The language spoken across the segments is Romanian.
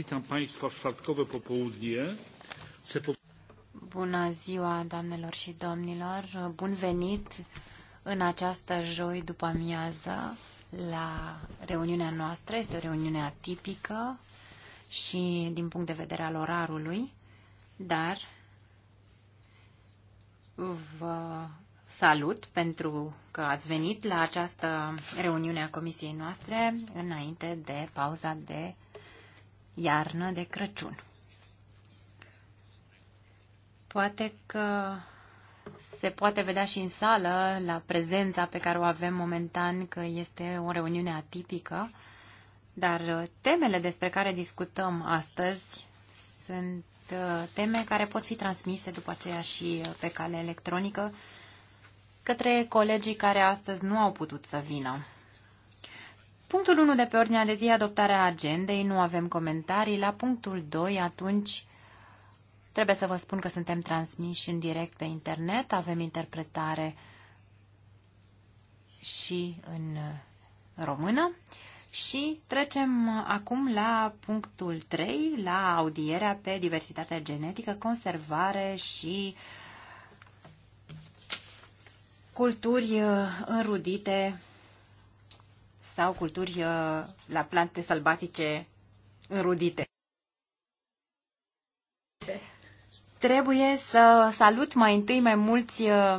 Witam Państwa w czwartkowe popołudnie. Bună ziua, doamnelor și domnilor! Bun venit în această joi după amiază la reuniunea noastră. Este o reuniune atipică și din punct de vedere al orarului, dar vă salut pentru că ați venit la această reuniune a comisiei noastre înainte de pauza de iarnă de Crăciun. Poate că se poate vedea și în sală, la prezența pe care o avem momentan, că este o reuniune atipică, dar temele despre care discutăm astăzi sunt uh, teme care pot fi transmise după aceea și uh, pe cale electronică către colegii care astăzi nu au putut să vină. Punctul 1 de pe ordinea de zi, adoptarea agendei, nu avem comentarii. La punctul 2, atunci, trebuie să vă spun că suntem transmiși în direct pe internet, avem interpretare și în română. Și trecem acum la punctul 3, la audierea pe diversitatea genetică, conservare și culturi uh, înrudite sau culturi uh, la plante sălbatice înrudite. Trebuie să salut mai întâi mai mulți uh,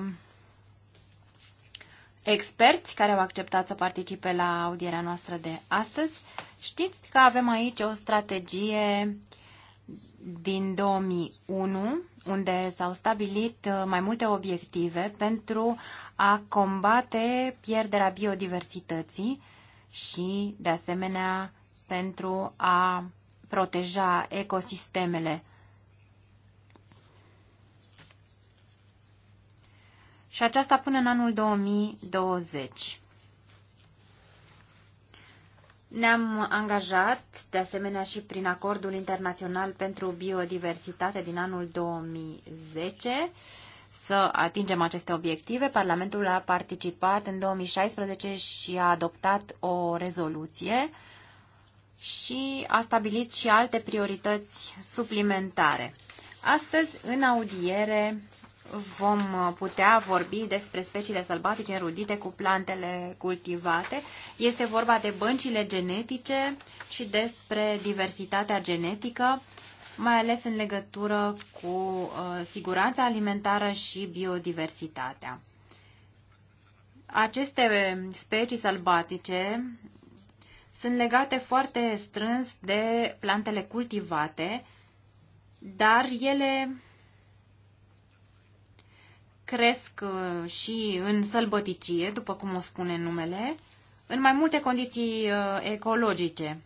experți care au acceptat să participe la audierea noastră de astăzi. Știți că avem aici o strategie din 2001, unde s-au stabilit uh, mai multe obiective pentru a combate pierderea biodiversității și, de asemenea, pentru a proteja ecosistemele. Și aceasta până în anul 2020. Ne-am angajat, de asemenea, și prin acordul internațional pentru biodiversitate din anul 2010 să atingem aceste obiective. Parlamentul a participat în 2016 și a adoptat o rezoluție și a stabilit și alte priorități suplimentare. Astăzi, în audiere, vom putea vorbi despre speciile sălbatice înrudite cu plantele cultivate. Este vorba de băncile genetice și despre diversitatea genetică mai ales în legătură cu uh, siguranța alimentară și biodiversitatea. Aceste specii sălbatice sunt legate foarte strâns de plantele cultivate, dar ele cresc uh, și în sălbăticie, după cum o spune numele, în mai multe condiții uh, ecologice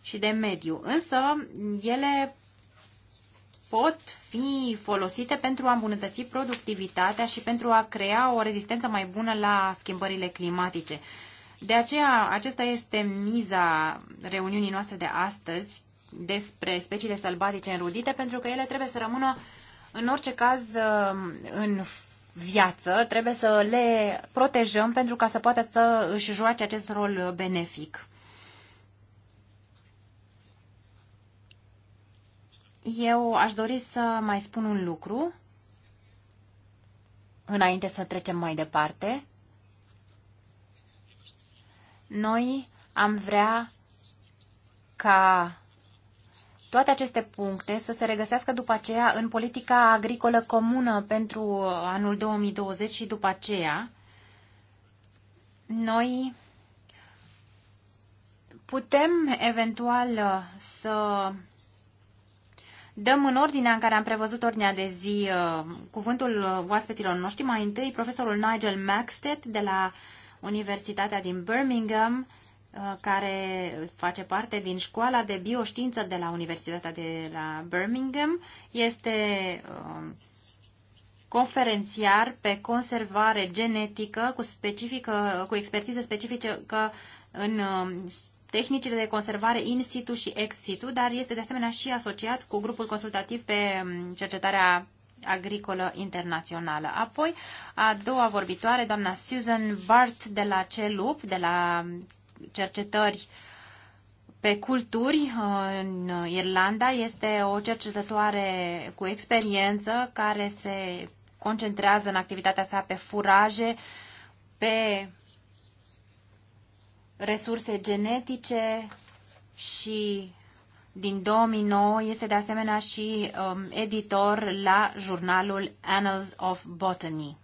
și de mediu. Însă, ele pot fi folosite pentru a îmbunătăți productivitatea și pentru a crea o rezistență mai bună la schimbările climatice. De aceea, acesta este miza reuniunii noastre de astăzi despre speciile sălbatice înrudite, pentru că ele trebuie să rămână, în orice caz, în viață, trebuie să le protejăm pentru ca să poată să își joace acest rol benefic. Eu aș dori să mai spun un lucru înainte să trecem mai departe. Noi am vrea ca toate aceste puncte să se regăsească după aceea în politica agricolă comună pentru anul 2020 și după aceea noi putem eventual să Dăm în ordinea în care am prevăzut ordinea de zi uh, cuvântul uh, oaspetilor noștri. Mai întâi, profesorul Nigel Maxted de la Universitatea din Birmingham, uh, care face parte din școala de bioștiință de la Universitatea de la Birmingham. Este conferențiar pe conservare genetică cu, specifică, cu expertiză specifică în tehnicile de conservare in situ și ex situ, dar este de asemenea și asociat cu grupul consultativ pe mm, cercetarea agricolă internațională. Apoi, a doua vorbitoare, doamna Susan Bart de la CELUP, de la cercetări pe culturi uh, în Irlanda, este o cercetătoare cu experiență care se concentrează în activitatea sa pe furaje, pe resurse genetice și din 2009 este de asemenea și um, editor la jurnalul Annals of Botany.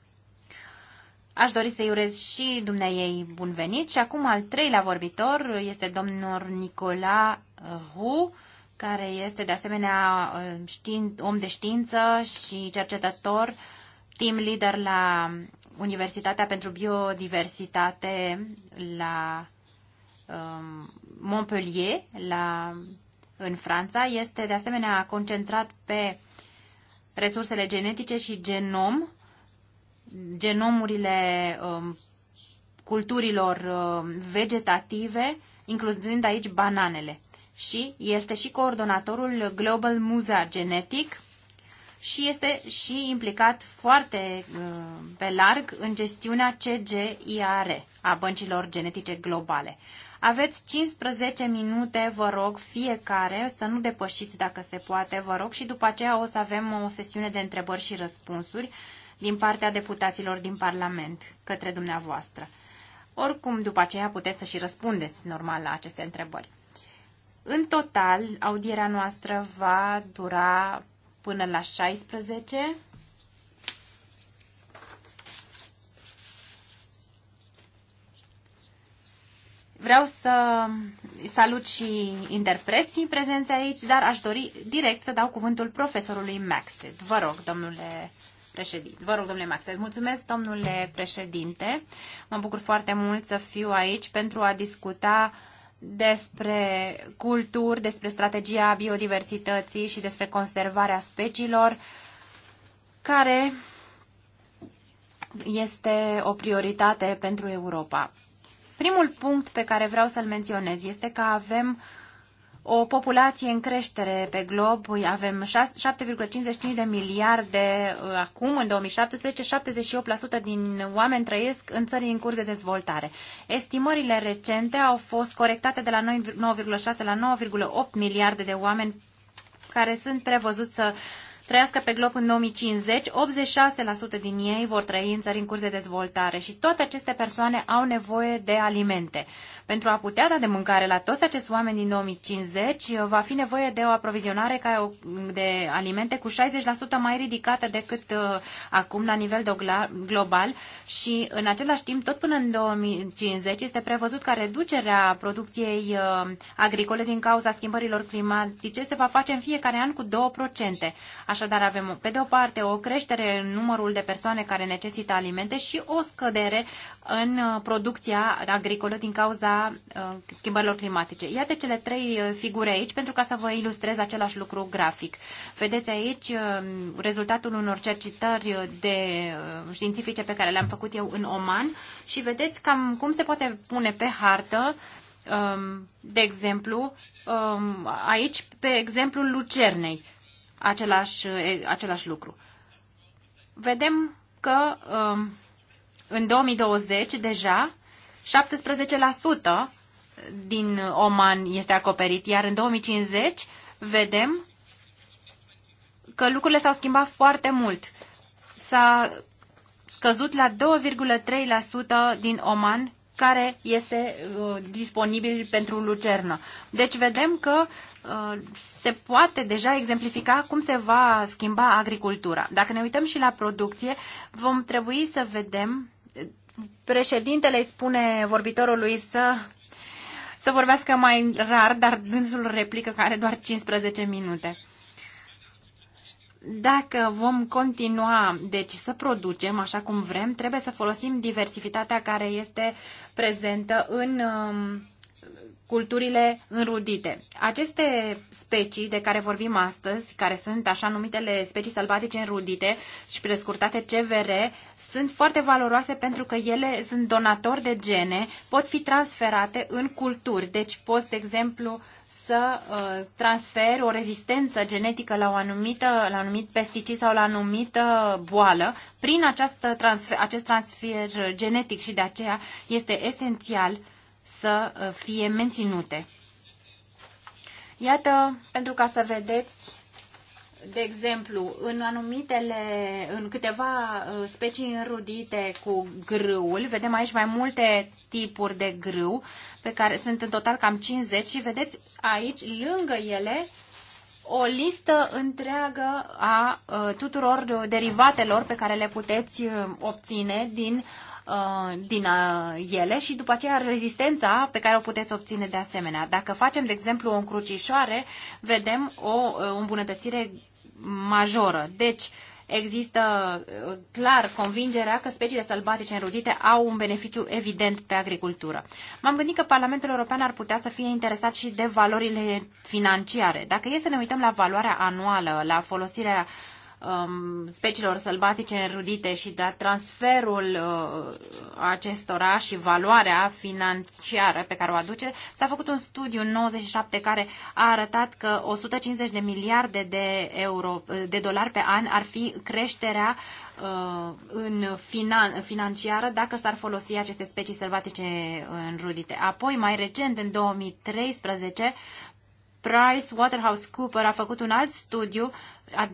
Aș dori să-i urez și dumneiei bun venit și acum al treilea vorbitor este domnul Nicola uh, Hu, care este de asemenea uh, știin, om de știință și cercetător, team leader la Universitatea pentru Biodiversitate la Um, Montpellier, la, în Franța, este de asemenea concentrat pe resursele genetice și genom, genomurile um, culturilor um, vegetative, incluzând aici bananele. Și este și coordonatorul Global Musa Genetic și este și implicat foarte uh, pe larg în gestiunea CGIAR a băncilor genetice globale. Aveți 15 minute, vă rog, fiecare, să nu depășiți dacă se poate, vă rog, și după aceea o să avem o sesiune de întrebări și răspunsuri din partea deputaților din Parlament către dumneavoastră. Oricum, după aceea puteți să și răspundeți normal la aceste întrebări. În total, audierea noastră va dura până la 16 Vreau să salut și interpreții prezenți aici, dar aș dori direct să dau cuvântul profesorului Maxted. Vă rog, domnule președinte. Vă rog, domnule Maxted. Mulțumesc, domnule președinte. Mă bucur foarte mult să fiu aici pentru a discuta despre culturi, despre strategia biodiversității și despre conservarea speciilor, care este o prioritate pentru Europa. Primul punct pe care vreau să-l menționez este că avem o populație în creștere pe glob, avem 7,55 de miliarde uh, acum, în 2017, 78% din oameni trăiesc în țări în curs de dezvoltare. Estimările recente au fost corectate de la 9,6 la 9,8 miliarde de oameni care sunt prevăzuți să trăiască pe glob în 2050, 86% din ei vor trăi în țări în curs de dezvoltare și toate aceste persoane au nevoie de alimente. Pentru a putea da de mâncare la toți acești oameni din 2050, va fi nevoie de o aprovizionare ca de alimente cu 60% mai ridicată decât uh, acum la nivel global și în același timp, tot până în 2050, este prevăzut ca reducerea producției uh, agricole din cauza schimbărilor climatice se va face în fiecare an cu 2%. Așadar, avem, pe de o parte, o creștere în numărul de persoane care necesită alimente și o scădere în uh, producția agricolă din cauza împotriva uh, schimbărilor climatice. Iată cele trei uh, figure aici pentru ca să vă ilustrez același lucru grafic. Vedeți aici uh, rezultatul unor cercetări de științifice pe care le-am făcut eu în Oman și vedeți cam cum se poate pune pe hartă, um, de exemplu, um, aici pe exemplul lucernei același, același lucru. Vedem că um, în 2020 deja 17% din Oman este acoperit, iar în 2050 vedem că lucrurile s-au schimbat foarte mult. S-a scăzut la 2,3% din Oman care este uh, disponibil pentru lucernă. Deci vedem că uh, se poate deja exemplifica cum se va schimba agricultura. Dacă ne uităm și la producție, vom trebui să vedem Președintele îi spune vorbitorului să, să vorbească mai rar, dar dânsul replică că are doar 15 minute. Dacă vom continua, deci să producem așa cum vrem, trebuie să folosim diversitatea care este prezentă în uh, culturile înrudite. Aceste specii de care vorbim astăzi, care sunt așa numitele specii sălbatice înrudite și prescurtate CVR, sunt foarte valoroase pentru că ele sunt donatori de gene, pot fi transferate în culturi. Deci poți, de exemplu, să uh, transferi o rezistență genetică la, o anumită, la un anumit pesticid sau la o anumită boală prin această transfer, acest transfer genetic și de aceea este esențial uh, să uh, fie menținute. Iată, pentru ca să vedeți, de exemplu, în anumitele, în câteva uh, specii înrudite cu grâul, vedem aici mai multe tipuri de grâu, pe care sunt în total cam 50 și vedeți aici, lângă ele, o listă întreagă a uh, tuturor derivatelor pe care le puteți obține din Uh, din uh, ele și după aceea rezistența pe care o puteți obține de asemenea. Dacă facem, de exemplu, o încrucișoare, vedem o uh, îmbunătățire majoră. Deci, există clar convingerea că speciile sălbatice înrudite au un beneficiu evident pe agricultură. M-am gândit că Parlamentul European ar putea să fie interesat și de valorile financiare. Dacă e să ne uităm la valoarea anuală, la folosirea um, speciilor sălbatice înrudite și de transferul uh, acestora și valoarea financiară pe care o aduce, s-a făcut un studiu în 97 care a arătat că 150 de miliarde de euro, de dolari pe an ar fi creșterea uh, în finan, financiară dacă s-ar folosi aceste specii sălbatice înrudite. Apoi, mai recent, în 2013, Price Waterhouse Cooper a făcut un alt studiu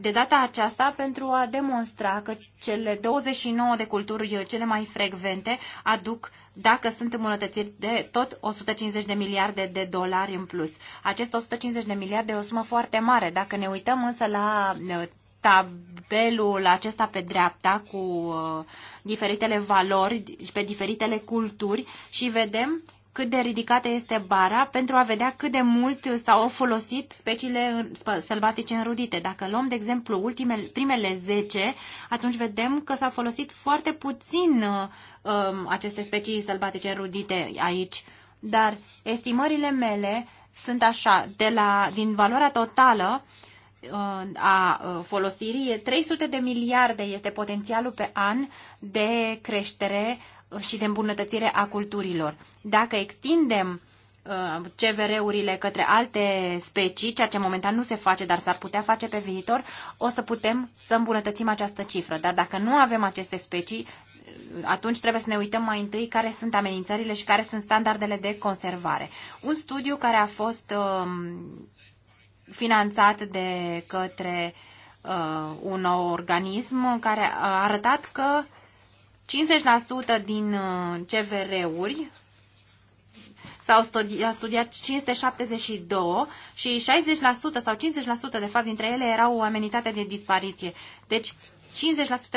de data aceasta pentru a demonstra că cele 29 de culturi cele mai frecvente aduc, dacă sunt îmbunătățiri, de tot 150 de miliarde de dolari în plus. Acest 150 de miliarde e o sumă foarte mare. Dacă ne uităm însă la uh, tabelul acesta pe dreapta cu uh, diferitele valori pe diferitele culturi și vedem cât de ridicată este bara pentru a vedea cât de mult s-au folosit speciile sălbatice înrudite. Dacă luăm, de exemplu, ultimele, primele 10, atunci vedem că s au folosit foarte puțin uh, aceste specii sălbatice înrudite aici. Dar estimările mele sunt așa, de la, din valoarea totală uh, a uh, folosirii, 300 de miliarde este potențialul pe an de creștere și de îmbunătățire a culturilor. Dacă extindem uh, CVR-urile către alte specii, ceea ce momentan nu se face, dar s-ar putea face pe viitor, o să putem să îmbunătățim această cifră. Dar dacă nu avem aceste specii, uh, atunci trebuie să ne uităm mai întâi care sunt amenințările și care sunt standardele de conservare. Un studiu care a fost um, finanțat de către uh, un organism care a arătat că 50% din uh, CVR-uri s-au studiat, studiat 572 și 60% sau 50% de fapt dintre ele erau amenințate de dispariție. Deci 50%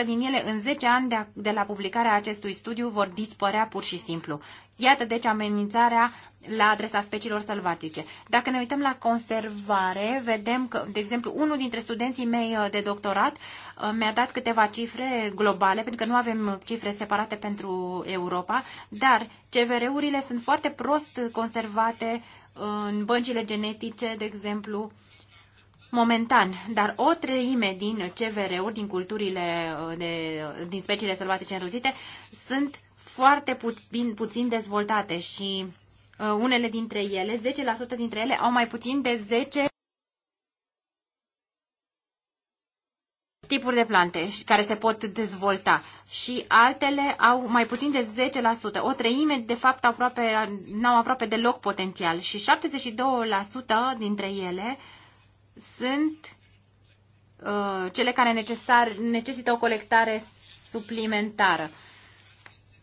din ele în 10 ani de, de la publicarea acestui studiu vor dispărea pur și simplu. Iată deci amenințarea la adresa speciilor sălbatice. Dacă ne uităm la conservare, vedem că, de exemplu, unul dintre studenții mei uh, de doctorat uh, mi-a dat câteva cifre globale, pentru că nu avem cifre separate pentru Europa, dar CVR-urile sunt foarte prost conservate uh, în băncile genetice, de exemplu, momentan, dar o treime din CVR-uri, din culturile, uh, de, din speciile sălbatice înrudite, sunt foarte puțin, puțin dezvoltate și uh, unele dintre ele, 10% dintre ele, au mai puțin de 10 tipuri de plante care se pot dezvolta și altele au mai puțin de 10%. O treime, de fapt, aproape, n-au aproape deloc potențial și 72% dintre ele uh, sunt uh, cele care necesar, necesită o colectare suplimentară.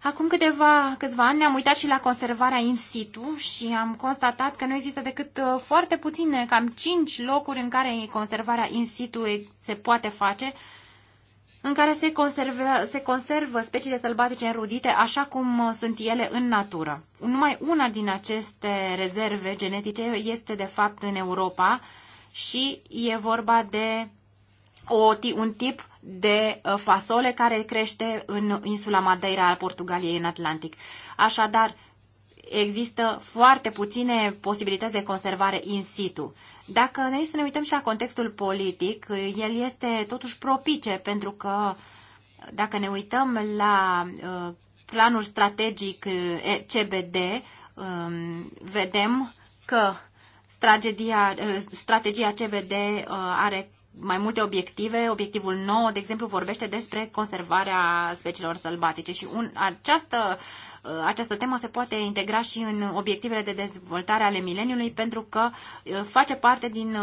Acum câteva, câțiva ani ne-am uitat și la conservarea in situ și am constatat că nu există decât uh, foarte puține, cam 5 locuri în care conservarea in situ se poate face, în care se, conserve, se conservă speciile sălbatice înrudite așa cum uh, sunt ele în natură. Numai una din aceste rezerve genetice este de fapt în Europa, și e vorba de o, un tip de uh, fasole care crește în insula Madeira al Portugaliei în Atlantic. Așadar, există foarte puține posibilități de conservare in situ. Dacă noi să ne uităm și la contextul politic, uh, el este totuși propice pentru că uh, dacă ne uităm la planul strategic CBD, um, vedem că Strategia, eh, strategia CVD eh, are mai multe obiective. Obiectivul 9, de exemplu, vorbește despre conservarea speciilor sălbatice și un, această, eh, această temă se poate integra și în obiectivele de dezvoltare ale mileniului pentru că face parte din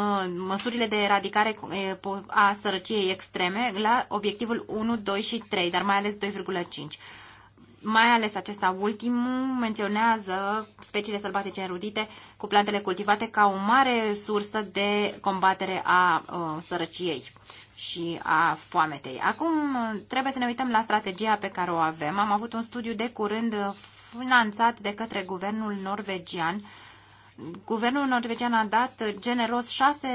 măsurile de eradicare a sărăciei extreme la obiectivul 1, 2 și 3, dar mai ales 2,5 mai ales acesta ultimul menționează speciile sălbatice înrudite cu plantele cultivate ca o mare sursă de combatere a uh, sărăciei și a foametei. Acum trebuie să ne uităm la strategia pe care o avem. Am avut un studiu de curând finanțat de către guvernul norvegian. Guvernul norvegian a dat generos 6,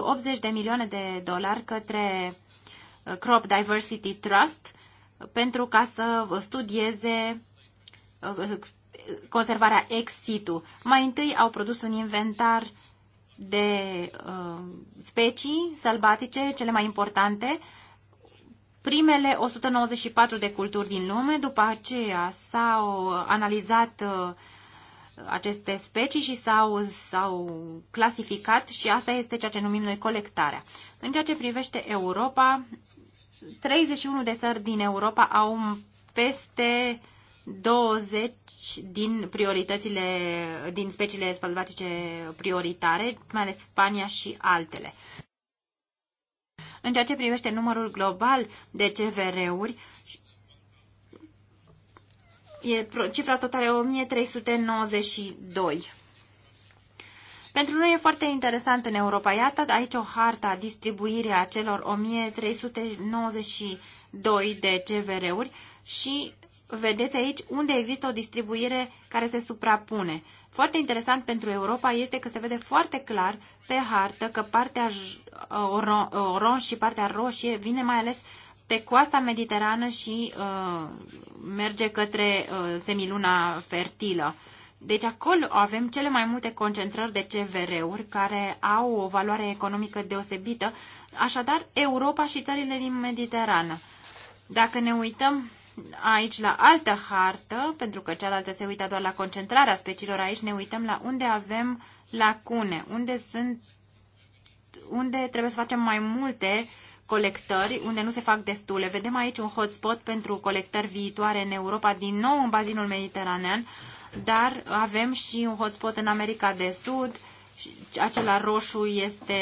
80 uh, de milioane de dolari către uh, Crop Diversity Trust pentru ca să studieze uh, conservarea ex situ. Mai întâi au produs un inventar de uh, specii sălbatice, cele mai importante, primele 194 de culturi din lume, după aceea s-au analizat uh, aceste specii și s-au, s-au clasificat și asta este ceea ce numim noi colectarea. În ceea ce privește Europa, 31 de țări din Europa au peste 20 din prioritățile, din speciile spălbatice prioritare, mai ales Spania și altele. În ceea ce privește numărul global de CVR-uri, e cifra totală 1392. Pentru noi e foarte interesant în Europa. Iată aici o harta distribuirii a celor 1392 de CVR-uri și vedeți aici unde există o distribuire care se suprapune. Foarte interesant pentru Europa este că se vede foarte clar pe hartă că partea uh, uh, oranj și partea roșie vine mai ales pe coasta mediterană și uh, merge către uh, semiluna fertilă. Deci acolo avem cele mai multe concentrări de CVR-uri care au o valoare economică deosebită, așadar Europa și țările din Mediterană. Dacă ne uităm aici la altă hartă, pentru că cealaltă se uită doar la concentrarea speciilor, aici ne uităm la unde avem lacune, unde sunt unde trebuie să facem mai multe colectări, unde nu se fac destule. Vedem aici un hotspot pentru colectări viitoare în Europa, din nou în bazinul mediteranean, dar avem și un hotspot în America de Sud, acela roșu este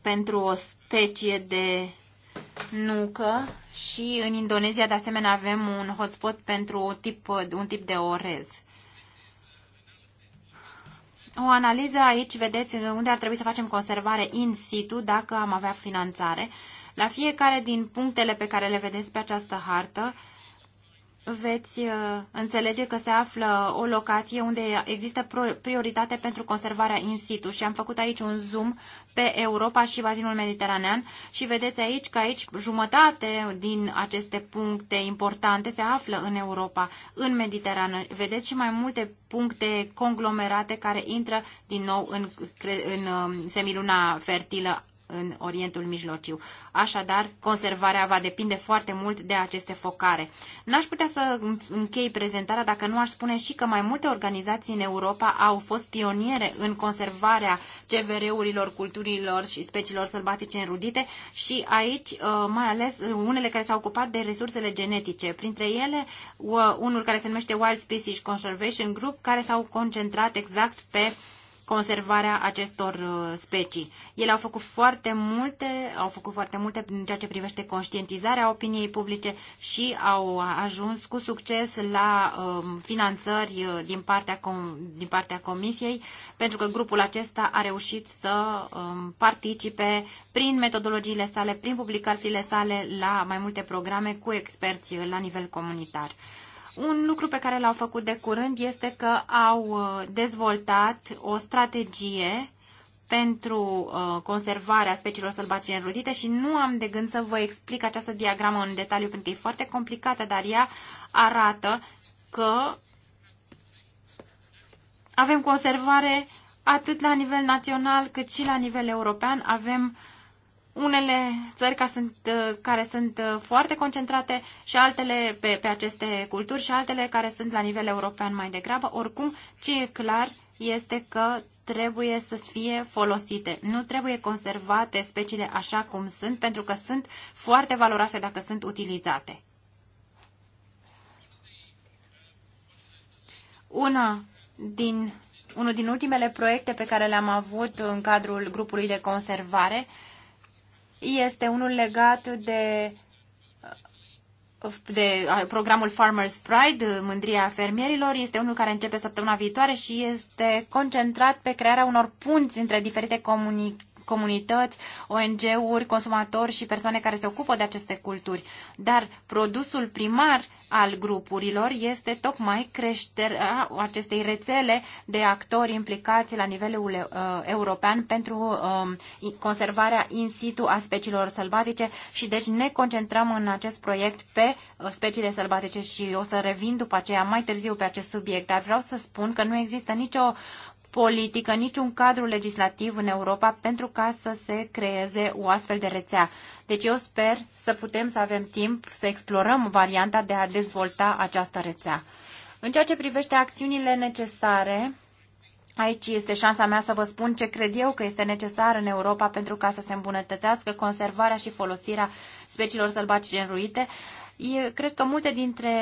pentru o specie de nucă și în Indonezia de asemenea avem un hotspot pentru un tip, un tip de orez. O analiză aici, vedeți unde ar trebui să facem conservare in situ dacă am avea finanțare la fiecare din punctele pe care le vedeți pe această hartă, veți uh, înțelege că se află o locație unde există prioritate pentru conservarea in situ și am făcut aici un zoom pe Europa și bazinul mediteranean și vedeți aici că aici jumătate din aceste puncte importante se află în Europa, în Mediterană. Vedeți și mai multe puncte conglomerate care intră din nou în, în um, semiluna fertilă în Orientul Mijlociu. Așadar, conservarea va depinde foarte mult de aceste focare. N-aș putea să închei prezentarea dacă nu aș spune și că mai multe organizații în Europa au fost pioniere în conservarea CVR-urilor, culturilor și speciilor sălbatice înrudite și aici uh, mai ales uh, unele care s-au ocupat de resursele genetice. Printre ele, uh, unul care se numește Wild Species Conservation Group, care s-au concentrat exact pe uh, conservarea acestor uh, specii. Ele au făcut foarte multe, au făcut foarte multe în ceea ce privește conștientizarea opiniei publice și au ajuns cu succes la um, finanțări uh, din partea, din partea Comisiei, pentru că grupul acesta a reușit să um, participe prin metodologiile sale, prin publicațiile sale la mai multe programe cu experți la nivel comunitar. Un lucru pe care l-au făcut de curând este că au uh, dezvoltat o strategie pentru uh, conservarea speciilor sălbatice înrudite și nu am de gând să vă explic această diagramă în detaliu pentru că e foarte complicată, dar ea arată că avem conservare atât la nivel național cât și la nivel european. Avem uh, unele țări ca sunt, uh, care sunt uh, foarte concentrate și altele pe, pe aceste culturi și altele care sunt la nivel european mai degrabă. Oricum, ce e clar este că trebuie să fie folosite. Nu trebuie conservate speciile așa cum sunt, pentru că sunt foarte valoroase dacă sunt utilizate. Una din, unul din ultimele proiecte pe care le-am avut în cadrul grupului de conservare uh, este unul legat de de programul Farmer's Pride, mândria fermierilor, este unul care începe săptămâna viitoare și este concentrat pe crearea unor punți între diferite comunități comunități, ONG-uri, consumatori și persoane care se ocupă de aceste culturi. Dar produsul primar al grupurilor este tocmai creșterea acestei rețele de actori implicați la nivelul uh, european pentru uh, conservarea in situ a speciilor sălbatice și deci ne concentrăm în acest proiect pe uh, speciile sălbatice și o să revin după aceea mai târziu pe acest subiect, dar vreau să spun că nu există nicio politică, niciun cadru legislativ în Europa pentru ca să se creeze o astfel de rețea. Deci eu sper să putem să avem timp să explorăm varianta de a dezvolta această rețea. În ceea ce privește acțiunile necesare, aici este șansa mea să vă spun ce cred eu că este necesar în Europa pentru ca să se îmbunătățească conservarea și folosirea speciilor sălbatice înruite. E, cred că multe dintre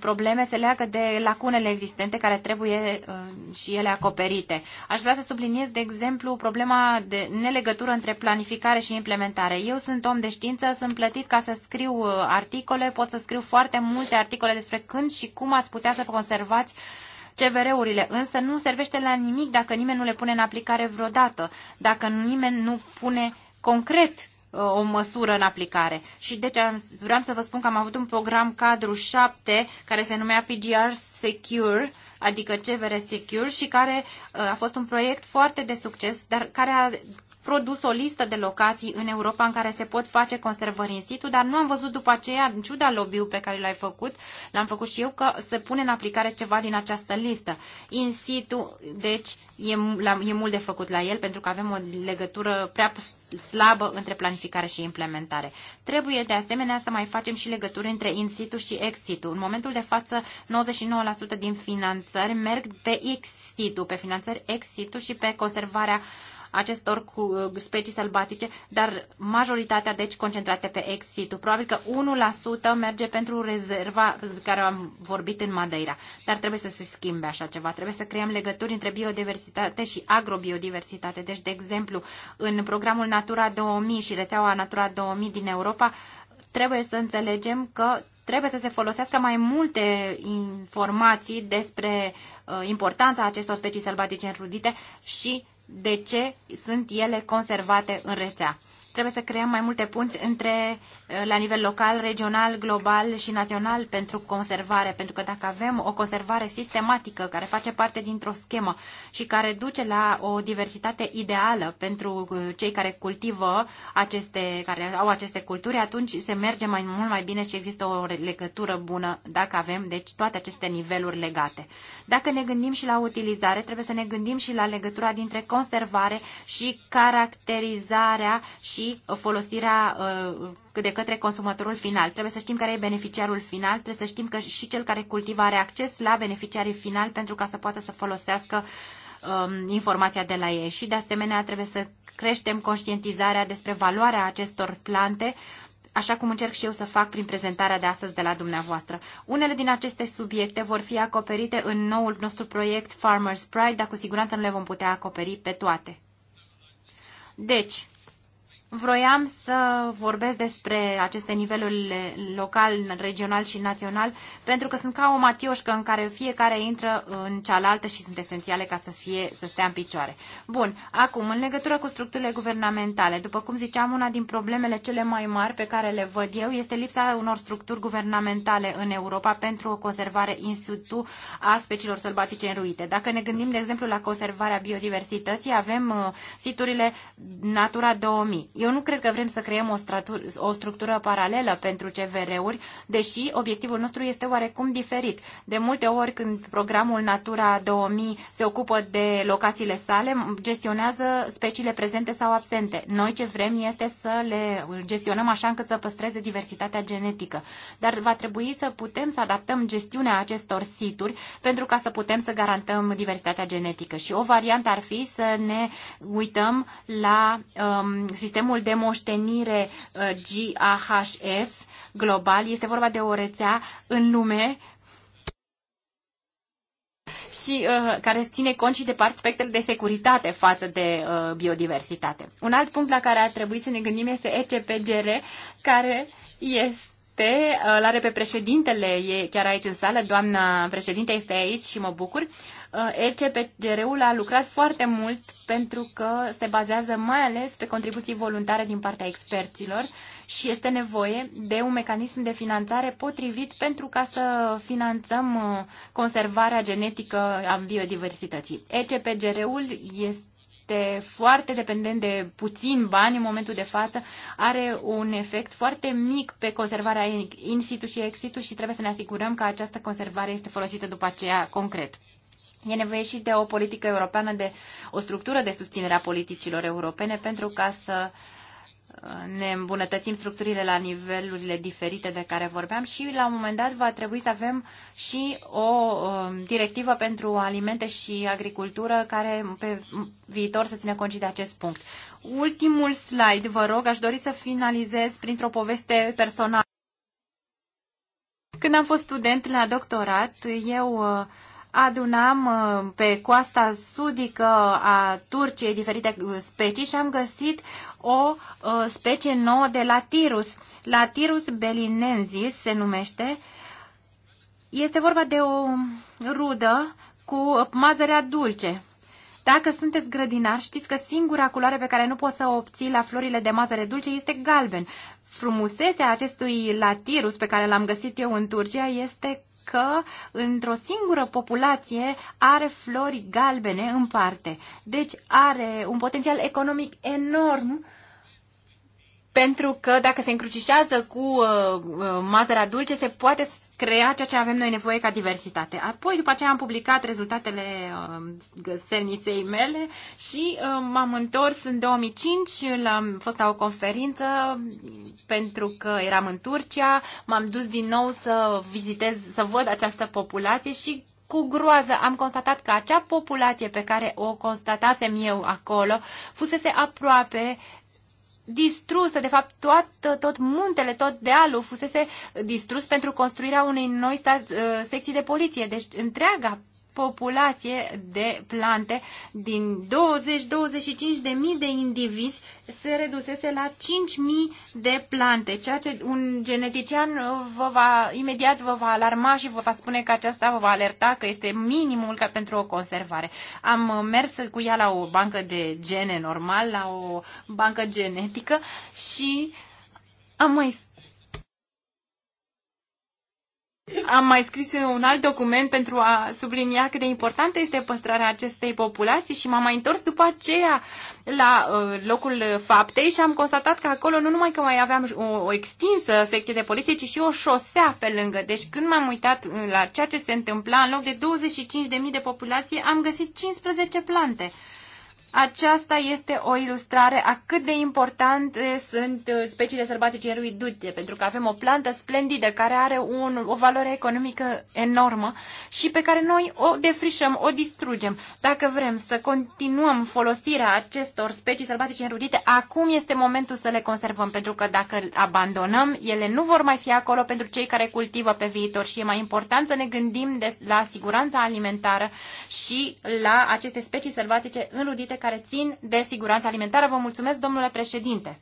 probleme se leagă de lacunele existente care trebuie uh, și ele acoperite. Aș vrea să subliniez, de exemplu, problema de nelegătură între planificare și implementare. Eu sunt om de știință, sunt plătit ca să scriu uh, articole, pot să scriu foarte multe articole despre când și cum ați putea să conservați CVR-urile, însă nu servește la nimic dacă nimeni nu le pune în aplicare vreodată, dacă nimeni nu pune concret o măsură în aplicare. Și deci am, vreau să vă spun că am avut un program cadru 7 care se numea PGR Secure, adică CVR Secure și care uh, a fost un proiect foarte de succes, dar care a produs o listă de locații în Europa în care se pot face conservări in situ, dar nu am văzut după aceea, în ciuda lobby pe care l-ai făcut, l-am făcut și eu, că se pune în aplicare ceva din această listă. In situ, deci, e, e mult de făcut la el, pentru că avem o legătură prea slabă între planificare și implementare. Trebuie de asemenea să mai facem și legături între in-situ și ex-situ. În momentul de față, 99% din finanțări merg pe ex-situ, pe finanțări ex-situ și pe conservarea uh, acestor cu, uh, specii sălbatice, dar majoritatea, deci, concentrate pe exitul. Probabil că 1% merge pentru rezerva de care am vorbit în Madeira. Dar trebuie să se schimbe așa ceva. Trebuie să creăm legături între biodiversitate și agrobiodiversitate. Deci, de exemplu, în programul Natura 2000 și rețeaua Natura 2000 din Europa, trebuie să înțelegem că trebuie să se folosească mai multe informații despre uh, importanța acestor specii sălbatice înrudite și de ce sunt ele conservate în rețea. Trebuie să creăm mai multe punți între, uh, la nivel local, regional, global și național pentru conservare, pentru că dacă avem o conservare sistematică care face parte dintr-o schemă și care duce la o diversitate ideală pentru uh, cei care cultivă aceste, care au aceste culturi, atunci se merge mai mult mai bine și există o legătură bună dacă avem deci toate aceste niveluri legate. Dacă ne gândim și la utilizare, trebuie să ne gândim și la legătura dintre conservare și caracterizarea și folosirea folosirea uh, de către consumatorul final. Trebuie să știm care e beneficiarul final, trebuie să știm că și cel care cultivă are acces la beneficiarii final pentru ca să poată să folosească um, informația de la ei. Și de asemenea trebuie să creștem conștientizarea despre valoarea acestor plante, așa cum încerc și eu să fac prin prezentarea de astăzi de la dumneavoastră. Unele din aceste subiecte vor fi acoperite în noul nostru proiect Farmer's Pride, dar cu siguranță nu le vom putea acoperi pe toate. Deci, Vroiam să vorbesc despre aceste niveluri local, regional și național, pentru că sunt ca o matioșcă în care fiecare intră în cealaltă și sunt esențiale ca să, fie, să stea în picioare. Bun, acum, în legătură cu structurile guvernamentale, după cum ziceam, una din problemele cele mai mari pe care le văd eu este lipsa unor structuri guvernamentale în Europa pentru o conservare in situ a speciilor sălbatice înruite. Dacă ne gândim, de exemplu, la conservarea biodiversității, avem uh, siturile Natura 2000. Eu nu cred că vrem să creăm o, o structură paralelă pentru CVR-uri, deși obiectivul nostru este oarecum diferit. De multe ori când programul Natura 2000 se ocupă de locațiile sale, gestionează speciile prezente sau absente. Noi ce vrem este să le gestionăm așa încât să păstreze diversitatea genetică. Dar va trebui să putem să adaptăm gestiunea acestor situri pentru ca să putem să garantăm diversitatea genetică. Și o variantă ar fi să ne uităm la um, sistemul sistemul de moștenire uh, GAHS global. Este vorba de o rețea în lume și uh, care ține cont și de aspectele de securitate față de uh, biodiversitate. Un alt punct la care ar trebui să ne gândim este ECPGR, care este la uh, l-are pe președintele, e chiar aici în sală, doamna președinte este aici și mă bucur. Uh, ECPGR-ul a lucrat foarte mult pentru că se bazează mai ales pe contribuții voluntare din partea experților și este nevoie de un mecanism de finanțare potrivit pentru ca să finanțăm uh, conservarea genetică a biodiversității. ECPGR-ul este este foarte dependent de puțin bani în momentul de față, are un efect foarte mic pe conservarea in situ și ex situ și trebuie să ne asigurăm că această conservare este folosită după aceea concret. E nevoie și de o politică europeană, de o structură de susținere a politicilor europene pentru ca să uh, ne îmbunătățim structurile la nivelurile diferite de care vorbeam și la un moment dat va trebui să avem și o um, directivă pentru alimente și agricultură care um, pe viitor să țină cont și de acest punct. Ultimul slide, vă rog, aș dori să finalizez printr-o poveste personală. Când am fost student la doctorat, eu uh, adunam uh, pe coasta sudică a Turciei diferite uh, specii și am găsit o uh, specie nouă de latirus. Latirus belinensis se numește. Este vorba de o rudă cu mazărea dulce. Dacă sunteți grădinar, știți că singura culoare pe care nu poți să o obții la florile de mazăre dulce este galben. Frumusețea acestui latirus pe care l-am găsit eu în Turcia este că într-o singură populație are flori galbene în parte. Deci are un potențial economic enorm pentru că dacă se încrucișează cu uh, uh mazăra dulce, se poate crea ceea ce avem noi nevoie ca diversitate. Apoi, după aceea am publicat rezultatele uh, um, selniței mele și uh, m-am întors în 2005, am fost la o conferință pentru că eram în Turcia, m-am dus din nou să vizitez, să văd această populație și cu groază am constatat că acea populație pe care o constatasem eu acolo fusese aproape distrusă, de fapt tot, tot muntele, tot dealul fusese distrus pentru construirea unei noi stați, uh, secții de poliție. Deci întreaga populație de plante din 20-25 de mii de indivizi se redusese la 5 mii de plante, ceea ce un genetician vă va, imediat vă va alarma și vă va spune că aceasta vă va alerta că este minimul ca pentru o conservare. Am mers cu ea la o bancă de gene normal, la o bancă genetică și am mai am mai scris un alt document pentru a sublinia cât de importantă este păstrarea acestei populații și m-am mai întors după aceea la uh, locul faptei și am constatat că acolo nu numai că mai aveam o, o extinsă secție de poliție, ci și o șosea pe lângă. Deci când m-am uitat uh, la ceea ce se întâmpla, în loc de 25.000 de populație, am găsit 15 plante. Aceasta este o ilustrare a cât de importante sunt uh, speciile sălbatice lui dute, pentru că avem o plantă splendidă care are un, o valoare economică enormă și pe care noi o defrișăm, o distrugem. Dacă vrem să continuăm folosirea acestor specii sălbatice înrudite, acum este momentul să le conservăm, pentru că dacă abandonăm, ele nu vor mai fi acolo pentru cei care cultivă pe viitor și e mai important să ne gândim de, la siguranța alimentară și la aceste specii sălbatice înrudite care țin de siguranța alimentară. Vă mulțumesc, domnule președinte!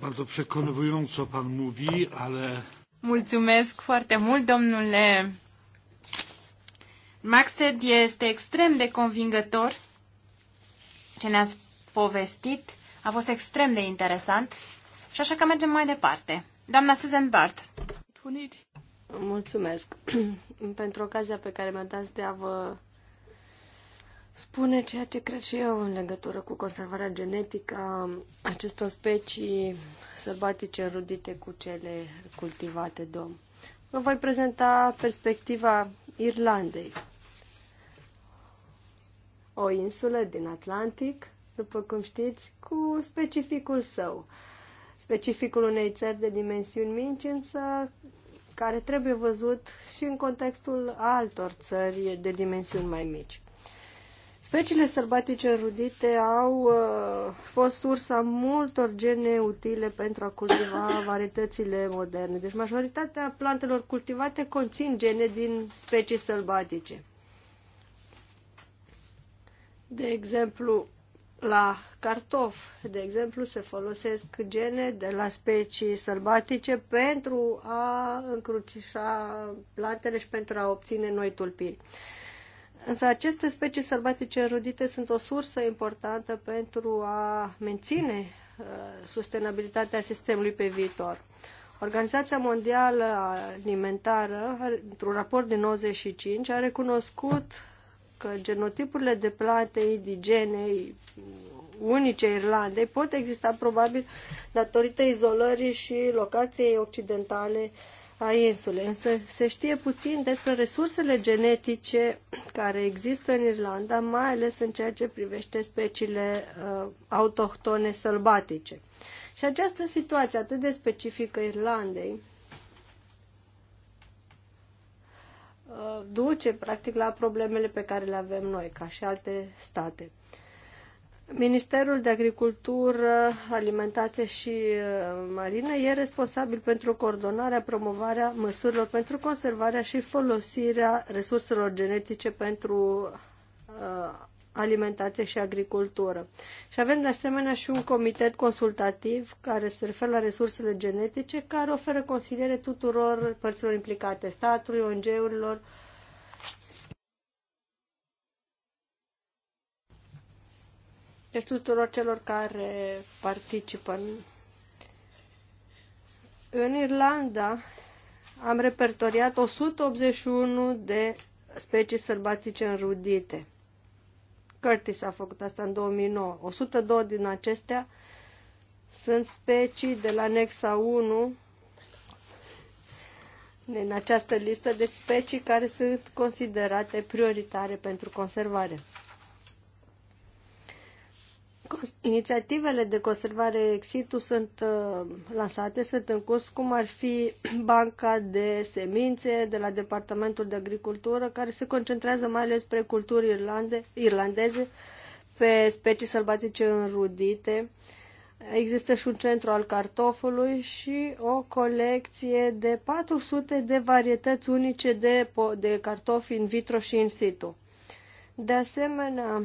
Bardzo przekonująco pan mówi, ale... Mulțumesc foarte mult, domnule Maxed este extrem de convingător ce ne-a povestit. A fost extrem de interesant și așa că mergem mai departe. Doamna Susan Bart. Mulțumesc pentru ocazia pe care mi-a dat de a vă spune ceea ce cred și eu în legătură cu conservarea genetică a acestor specii sălbatice înrudite cu cele cultivate de om. Vă voi prezenta perspectiva Irlandei. O insulă din Atlantic, după cum știți, cu specificul său. Specificul unei țări de dimensiuni mici, însă care trebuie văzut și în contextul altor țări de dimensiuni mai mici. Speciile sălbatice înrudite au uh, fost sursa multor gene utile pentru a cultiva varietățile moderne. Deci majoritatea plantelor cultivate conțin gene din specii sălbatice. De exemplu, la cartof, de exemplu, se folosesc gene de la specii sălbatice pentru a încrucișa plantele și pentru a obține noi tulpini. Însă aceste specii sălbatice înrudite sunt o sursă importantă pentru a menține uh, sustenabilitatea sistemului pe viitor. Organizația Mondială Alimentară, într-un raport din 95, a recunoscut că genotipurile de plante indigene unice Irlandei pot exista probabil datorită izolării și locației occidentale uh, a insulei, însă se știe puțin despre resursele genetice care există în Irlanda, mai ales în ceea ce privește speciile uh, autohtone sălbatice. Și această situație atât de specifică Irlandei uh, duce practic la problemele pe care le avem noi, ca și alte state. Ministerul de Agricultură, Alimentație și uh, Marină e responsabil pentru coordonarea, promovarea măsurilor pentru conservarea și folosirea resurselor genetice pentru uh, alimentație și agricultură. Și avem de asemenea și un comitet consultativ care se referă la resursele genetice, care oferă consiliere tuturor părților implicate, statului, ONG-urilor, uh, de tuturor celor care participă. În, în Irlanda am repertoriat 181 de specii sălbatice înrudite. Curtis a făcut asta în 2009. 102 din acestea sunt specii de la Nexa 1 din această listă, de specii care sunt considerate prioritare pentru conservare. Inițiativele de conservare exitu sunt uh, lansate, sunt în curs, cum ar fi banca de semințe de la Departamentul de Agricultură, care se concentrează mai ales pe culturi irlande, irlandeze, pe specii sălbatice înrudite. Există și un centru al cartofului și o colecție de 400 de varietăți unice de, de cartofi in vitro și in situ. De asemenea,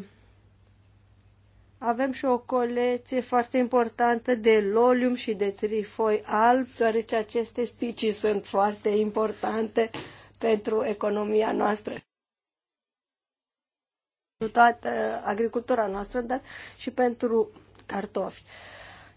avem și o colecție foarte importantă de lolium și de trifoi alb, deoarece aceste spicii sunt foarte importante pentru economia noastră toată agricultura noastră, dar și pentru cartofi.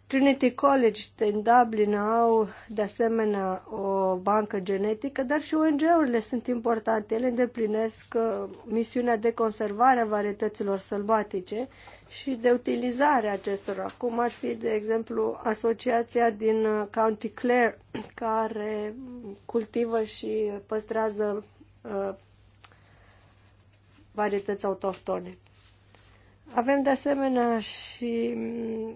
Trinity College din Dublin au de asemenea o bancă genetică, dar și ONG-urile sunt importante. Ele îndeplinesc uh, misiunea de conservare a varietăților sălbatice și de utilizare a acestora, cum ar fi, de exemplu, asociația din uh, County Clare, care cultivă și păstrează uh, varietăți autohtone. Avem de asemenea și mm,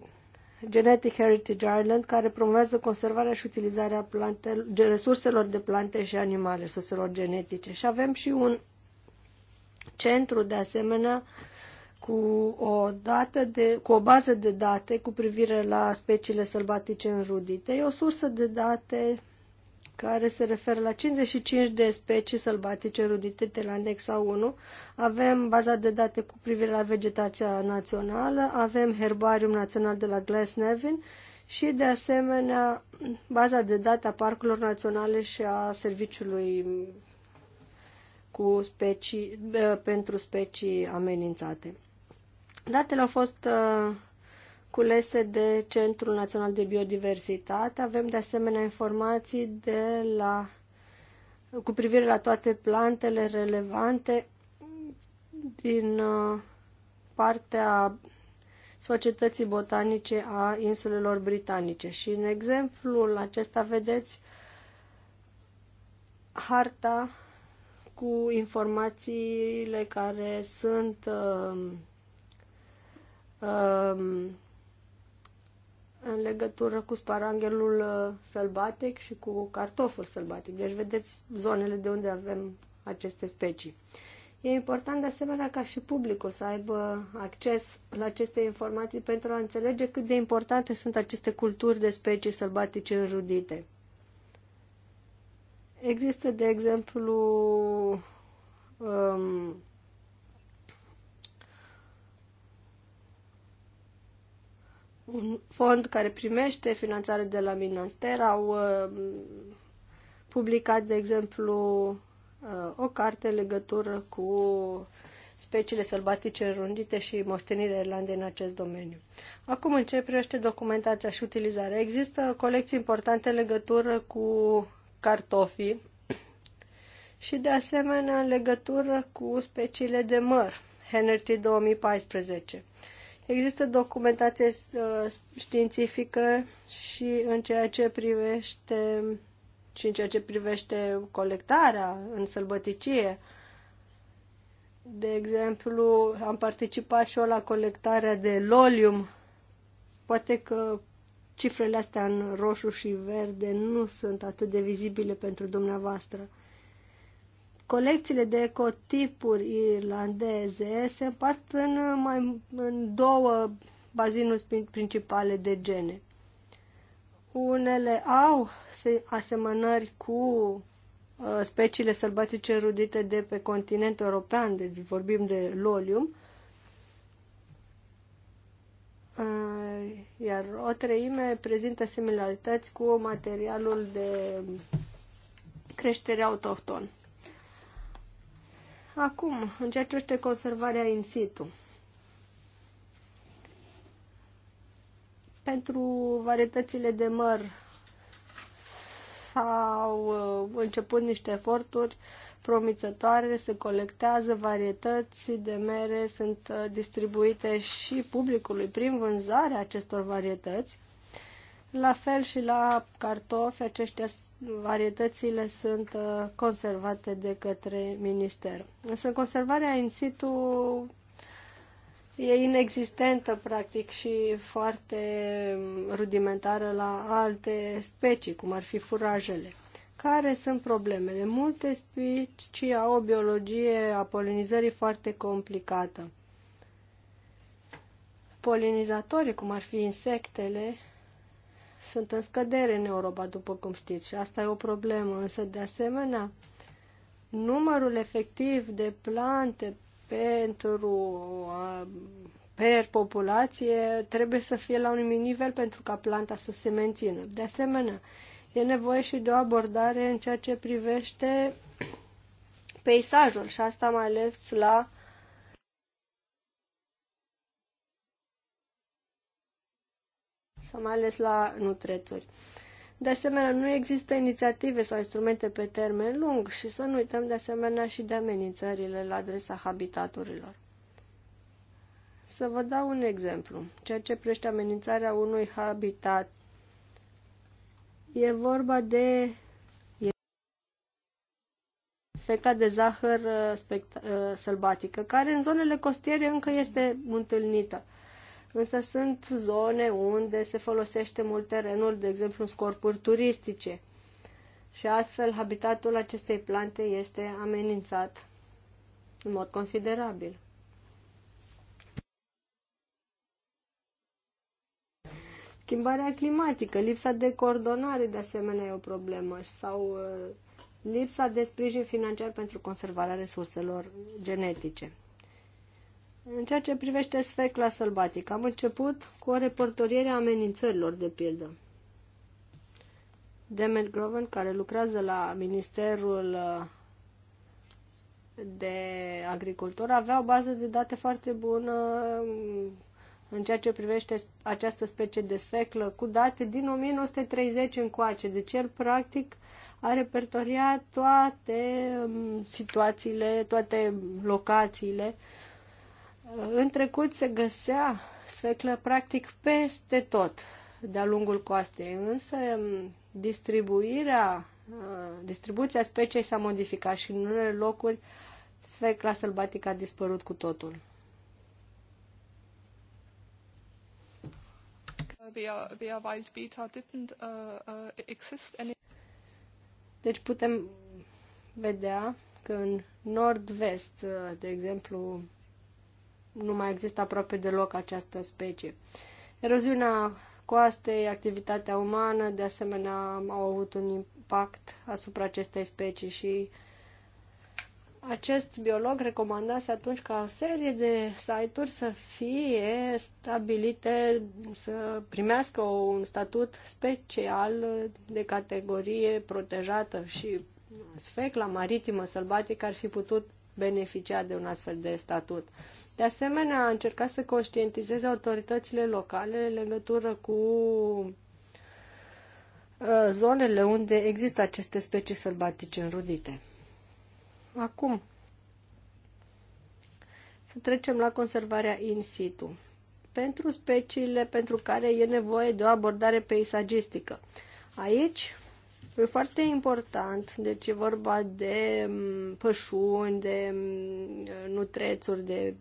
Genetic Heritage Ireland, care promovează conservarea și utilizarea plantelor, resurselor de plante și animale, resurselor genetice. Și avem și un centru, de asemenea, cu o, dată de, cu o bază de date cu privire la speciile sălbatice înrudite. E o sursă de date care se referă la 55 de specii sălbatice de la anexa 1. Avem baza de date cu privire la vegetația națională, avem Herbarium Național de la Glasnevin și, de asemenea, baza de date a parcurilor naționale și a serviciului cu specii, eh, pentru specii amenințate. Datele au fost uh, culese de Centrul Național de Biodiversitate. Avem de asemenea informații de la, cu privire la toate plantele relevante din uh, partea societății botanice a insulelor britanice. Și în exemplul acesta vedeți harta cu informațiile care sunt uh, uh, în legătură cu sparanghelul uh, sălbatic și cu cartoful sălbatic. Deci vedeți zonele de unde avem aceste specii. E important de asemenea ca și publicul să aibă acces la aceste informații pentru a înțelege cât de importante sunt aceste culturi de specii sălbatice înrudite. Există, de exemplu, um, un fond care primește finanțare de la Minanster au uh, publicat, de exemplu, uh, o carte în legătură cu speciile sălbatice rândite și moștenirea Irlandei în acest domeniu. Acum, în ce documentația și utilizarea, există colecții importante în legătură cu cartofii și, de asemenea, în legătură cu speciile de măr, Henerty 2014. Există documentație uh, științifică și în ceea ce privește și în ceea ce privește colectarea în sălbăticie. De exemplu, am participat și eu la colectarea de lolium. Poate că cifrele astea în roșu și verde nu sunt atât de vizibile pentru dumneavoastră. Colecțiile de ecotipuri irlandeze se împart în, mai, în două bazinuri principale de gene. Unele au asemănări cu uh, speciile sălbatice rudite de pe continentul european, deci vorbim de lolium, uh, iar o treime prezintă similarități cu materialul de creștere autohton. Acum, în ce conservarea in situ, pentru varietățile de măr s-au uh, început niște eforturi promițătoare, se colectează varietăți de mere, sunt uh, distribuite și publicului prin vânzarea acestor varietăți. La fel și la cartofi, aceștia varietățile sunt uh, conservate de către minister. Însă conservarea in situ e inexistentă, practic, și foarte rudimentară la alte specii, cum ar fi furajele. Care sunt problemele? Multe specii au o biologie a polinizării foarte complicată. Polinizatorii, cum ar fi insectele, sunt în scădere în Europa, după cum știți, și asta e o problemă. Însă, de asemenea, numărul efectiv de plante pentru per populație trebuie să fie la un nivel pentru ca planta să se mențină. De asemenea, e nevoie și de o abordare în ceea ce privește peisajul și asta mai ales la sau mai ales la nutrețuri. De asemenea, nu există inițiative sau instrumente pe termen lung și să nu uităm de asemenea și de amenințările la adresa habitaturilor. Să vă dau un exemplu. Ceea ce prește amenințarea unui habitat e vorba de specta de zahăr uh, uh, sălbatică, care în zonele costiere încă este întâlnită. Însă sunt zone unde se folosește mult terenul, de exemplu în scorpuri turistice. Și astfel habitatul acestei plante este amenințat în mod considerabil. Schimbarea climatică, lipsa de coordonare de asemenea e o problemă sau uh, lipsa de sprijin financiar pentru conservarea resurselor genetice. În ceea ce privește sfecla sălbatică, am început cu o reportoriere a amenințărilor, de pildă. Demet Groven, care lucrează la Ministerul uh, de Agricultură, avea o bază de date foarte bună um, în ceea ce privește această specie de sfeclă, cu date din 1930 încoace. Deci el, practic, a repertoriat toate um, situațiile, toate locațiile în trecut se găsea sfeclă practic peste tot de-a lungul coastei, însă mm, distribuirea, uh, distribuția speciei s-a modificat și în unele locuri sfecla sălbatică a dispărut cu totul. Uh, uh, deci putem vedea că în nord-vest, de exemplu, nu mai există aproape deloc această specie. Eroziunea coastei, activitatea umană, de asemenea, au avut un impact asupra acestei specii și acest biolog recomandase atunci ca o serie de site-uri să fie stabilite, să primească un statut special de categorie protejată și sfecla maritimă sălbatică ar fi putut beneficia de un astfel de statut. De asemenea, a încercat să conștientizeze autoritățile locale în legătură cu uh, zonele unde există aceste specii sălbatice înrudite. Acum, să trecem la conservarea in situ. Pentru speciile pentru care e nevoie de o abordare peisagistică. Aici, E foarte important, deci e vorba de mm, pășuni, de mm, nutrețuri, de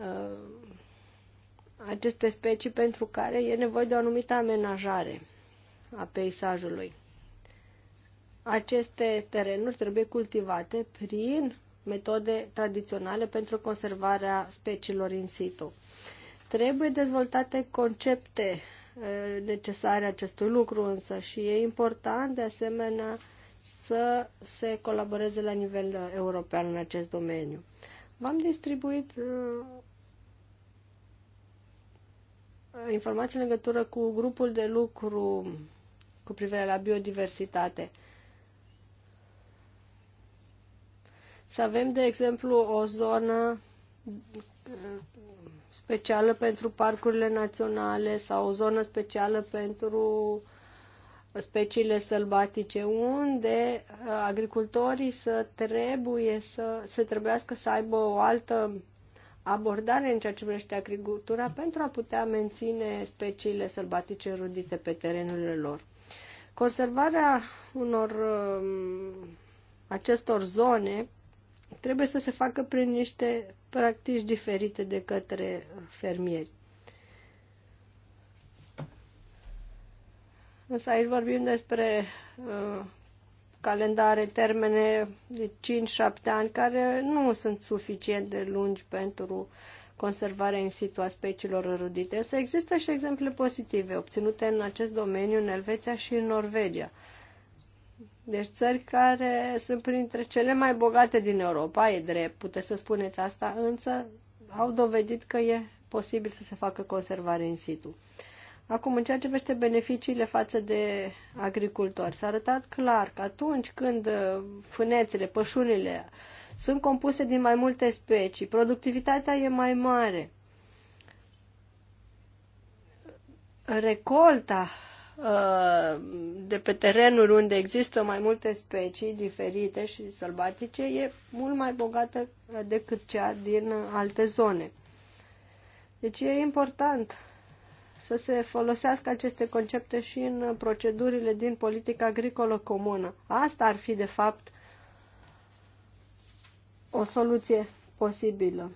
uh, aceste specii pentru care e nevoie de o anumită amenajare a peisajului. Aceste terenuri trebuie cultivate prin metode tradiționale pentru conservarea speciilor in situ. Trebuie dezvoltate concepte necesare acestui lucru însă și e important de asemenea să se colaboreze la nivel european în acest domeniu. V-am distribuit informații în legătură cu grupul de lucru cu privire la biodiversitate. Să avem, de exemplu, o zonă specială pentru parcurile naționale sau o zonă specială pentru speciile sălbatice, unde uh, agricultorii să trebuie să, să trebuiască să aibă o altă abordare în ceea ce privește agricultura pentru a putea menține speciile sălbatice rudite pe terenurile lor. Conservarea unor um, acestor zone trebuie să se facă prin niște practici diferite de către fermieri. Însă aici vorbim despre uh, calendare, termene de 5-7 ani, care nu sunt suficient de lungi pentru conservarea în situ a speciilor înrudite. Însă există și exemple pozitive obținute în acest domeniu în Elveția și în Norvegia. Uh, deci țări care sunt printre cele mai bogate din Europa, e drept, puteți să spuneți asta, însă au dovedit că e posibil să se facă conservare in situ. Acum, în ceea ce privește beneficiile față de agricultori, s-a arătat clar că atunci când uh, fânețele, pășunile sunt compuse din mai multe specii, productivitatea e mai mare, recolta Uh, de pe terenuri unde există mai multe specii diferite și sălbatice e mult mai bogată decât cea din alte zone. Deci e important să se folosească aceste concepte și în procedurile din politica agricolă comună. Asta ar fi, de fapt, o soluție posibilă.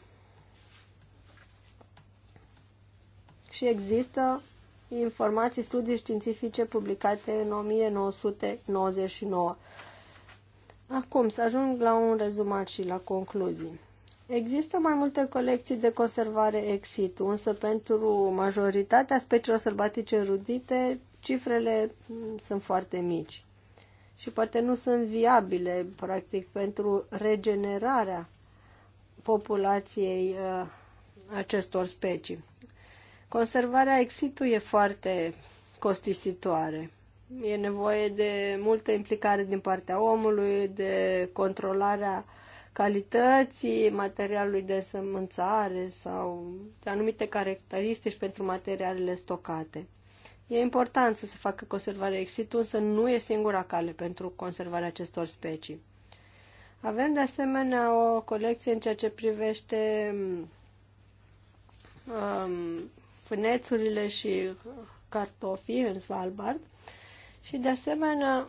Și există informații, studii științifice publicate în 1999. Acum, să ajung la un rezumat și la concluzii. Există mai multe colecții de conservare situ, însă pentru majoritatea speciilor sălbatice rudite, cifrele sunt foarte mici și poate nu sunt viabile, practic, pentru regenerarea populației uh, acestor specii. Conservarea exitului e foarte costisitoare. E nevoie de multă implicare din partea omului, de controlarea calității materialului de sămânțare sau de anumite caracteristici pentru materialele stocate. E important să se facă conservarea exitului, însă nu e singura cale pentru conservarea acestor specii. Avem de asemenea o colecție în ceea ce privește um, fânețurile și cartofii în Svalbard și, de asemenea,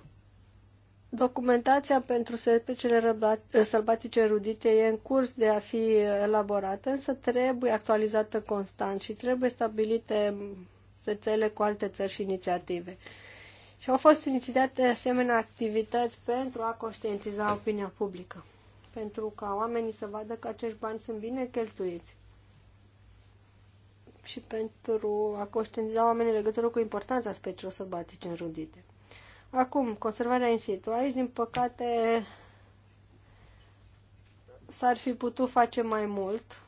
documentația pentru serpicele sălbatice erudite e în curs de a fi elaborată, însă trebuie actualizată constant și trebuie stabilite rețele cu alte țări și inițiative. Și au fost inițiate asemenea activități pentru a conștientiza opinia publică, pentru ca oamenii să vadă că acești bani sunt bine cheltuiți și pentru a conștientiza oamenii în legătură cu importanța speciilor sălbatice înrudite. Acum, conservarea in situ. Aici, din păcate, s-ar fi putut face mai mult.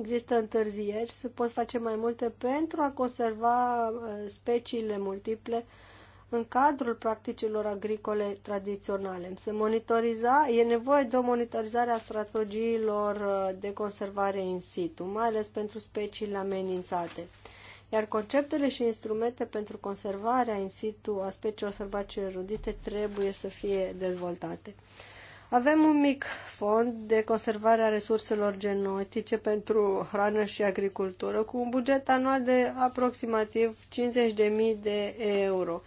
Există întârzieri, se pot face mai multe pentru a conserva uh, speciile multiple în cadrul practicilor agricole tradiționale. Se monitoriza, e nevoie de o monitorizare a strategiilor uh, de conservare in situ, mai ales pentru speciile amenințate. Iar conceptele și instrumente pentru conservarea in situ a speciilor sărbace erudite trebuie să fie dezvoltate. Avem un mic fond de conservare a resurselor genotice pentru hrană și agricultură cu un buget anual de aproximativ 50.000 de euro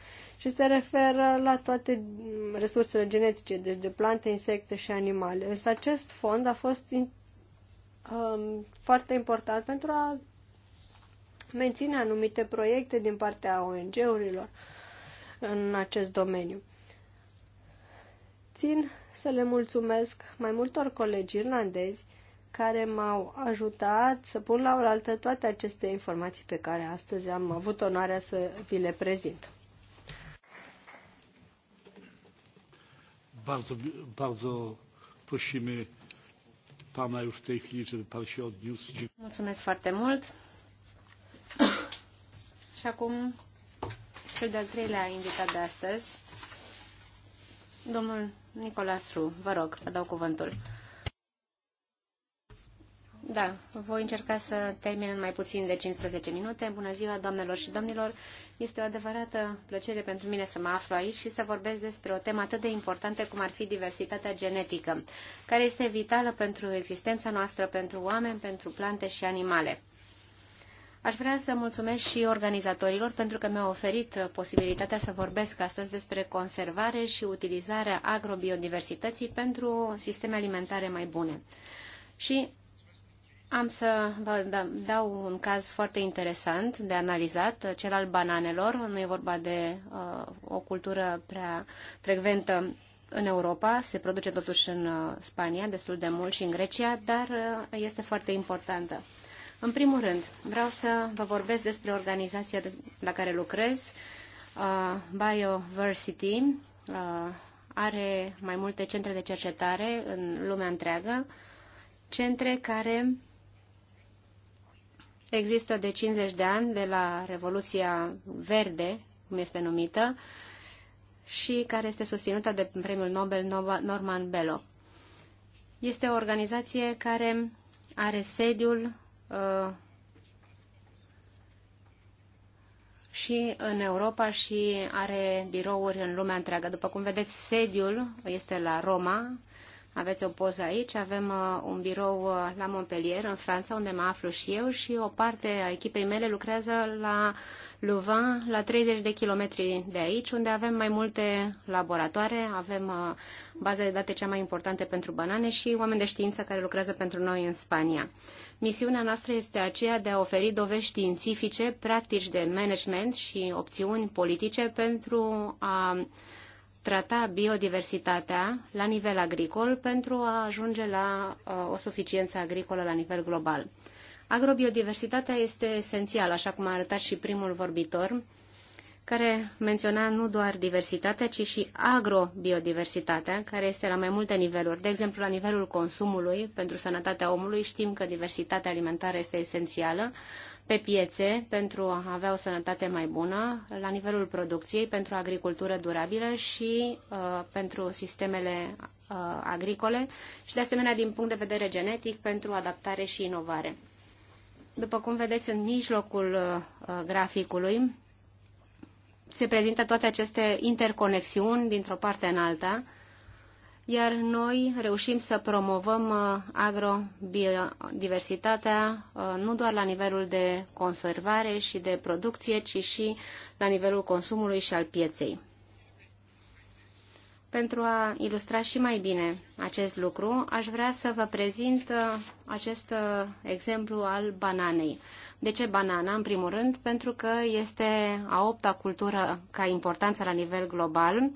și se referă la toate resursele genetice, deci de plante, insecte și animale. Însă acest fond a fost in, um, foarte important pentru a menține anumite proiecte din partea ONG-urilor în acest domeniu. Țin să le mulțumesc mai multor colegi irlandezi care m-au ajutat să pun la oaltă toate aceste informații pe care astăzi am avut onoarea să vi le prezint. Bardzo, bardzo prosimy pana już w tej chwili, żeby pan się odniósł. Mulțumesc foarte mult. Și acum cel de-al treilea invitat de astăzi, domnul Nicolas Ru. Vă rog, vă dau cuvântul. Da, voi încerca să termin în mai puțin de 15 minute. Bună ziua, doamnelor și domnilor! Este o adevărată plăcere pentru mine să mă aflu aici și să vorbesc despre o temă atât de importantă cum ar fi diversitatea genetică, care este vitală pentru existența noastră, pentru oameni, pentru plante și animale. Aș vrea să mulțumesc și organizatorilor pentru că mi-au oferit posibilitatea să vorbesc astăzi despre conservare și utilizarea agrobiodiversității pentru sisteme alimentare mai bune. Și am să vă da, dau un caz foarte interesant de analizat, cel al bananelor. Nu e vorba de uh, o cultură prea frecventă în Europa, se produce totuși în uh, Spania, destul de mult și în Grecia, dar uh, este foarte importantă. În primul rând, vreau să vă vorbesc despre organizația la care lucrez, uh, Bioversity. Are mai multe centre de cercetare în lumea întreagă, centre care există de 50 de ani de la Revoluția Verde, cum este numită, și care este susținută de premiul Nobel Norman Bello. Este o organizație care are sediul uh, și în Europa și are birouri în lumea întreagă. După cum vedeți, sediul este la Roma, uh, aveți o poză aici, avem uh, un birou uh, la Montpellier, în Franța, unde mă aflu și eu și o parte a echipei mele lucrează la Louvain, la 30 de kilometri de aici, unde avem mai multe laboratoare, avem uh, baza de date cea mai importantă pentru banane și oameni de știință care lucrează pentru noi în Spania. Misiunea noastră este aceea de a oferi dovești științifice, practici de management și opțiuni politice pentru a trata biodiversitatea la nivel agricol pentru a ajunge la uh, o suficiență agricolă la nivel global. Agrobiodiversitatea este esențială, așa cum a arătat și primul vorbitor, care menționa nu doar diversitatea, ci și agrobiodiversitatea, care este la mai multe niveluri. De exemplu, la nivelul consumului, pentru sănătatea omului, știm că diversitatea alimentară este esențială, pe piețe pentru a avea o sănătate mai bună, la nivelul producției, pentru agricultură durabilă și uh, pentru sistemele uh, agricole și, de asemenea, din punct de vedere genetic, pentru adaptare și inovare. După cum vedeți în mijlocul uh, graficului, se prezintă toate aceste interconexiuni dintr-o parte în alta, iar noi reușim să promovăm uh, agrobiodiversitatea uh, nu doar la nivelul de conservare și de producție, ci și la nivelul consumului și al pieței. Pentru a ilustra și mai bine acest lucru, aș vrea să vă prezint uh, acest exemplu al bananei. De ce banana? În primul rând, pentru că este a opta cultură ca importanță la nivel global,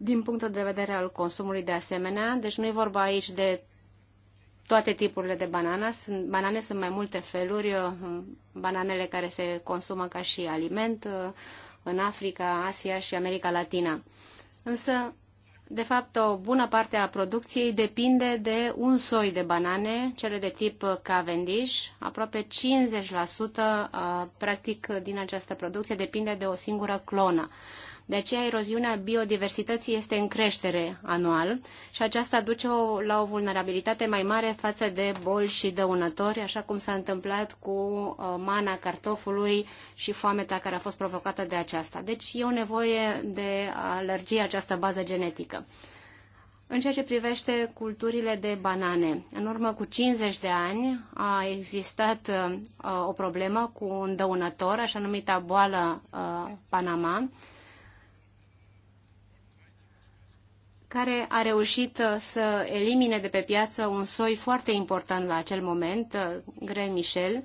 din punctul de vedere al consumului de asemenea. Deci nu e vorba aici de toate tipurile de banane. Sunt, banane sunt mai multe feluri. Uh, bananele care se consumă ca și aliment uh, în Africa, Asia și America Latina. Însă, de fapt, o bună parte a producției depinde de un soi de banane, cele de tip Cavendish. Aproape 50% uh, practic din această producție depinde de o singură clonă. De aceea eroziunea biodiversității este în creștere anual și aceasta duce -o la o vulnerabilitate mai mare față de boli și dăunători, așa cum s-a întâmplat cu uh, mana cartofului și foamea care a fost provocată de aceasta. Deci e o nevoie de a lărgi această bază genetică. În ceea ce privește culturile de banane, în urmă cu 50 de ani a existat uh, o problemă cu un dăunător, așa numita boală uh, Panama, care a reușit uh, să elimine de pe piață un soi foarte important la acel moment, uh, Grand Michel,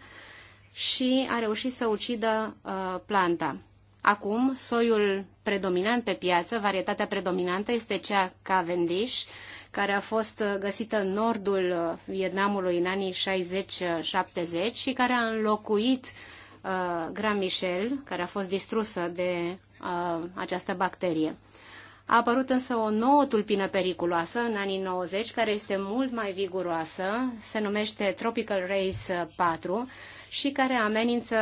și a reușit să ucidă uh, planta. Acum, soiul predominant pe piață, varietatea predominantă, este cea Cavendish, care a fost găsită în nordul Vietnamului în anii 60-70 și care a înlocuit uh, Grand Michel, care a fost distrusă de uh, această bacterie. A apărut însă o nouă tulpină periculoasă în anii 90, care este mult mai viguroasă, se numește Tropical Race 4 și care amenință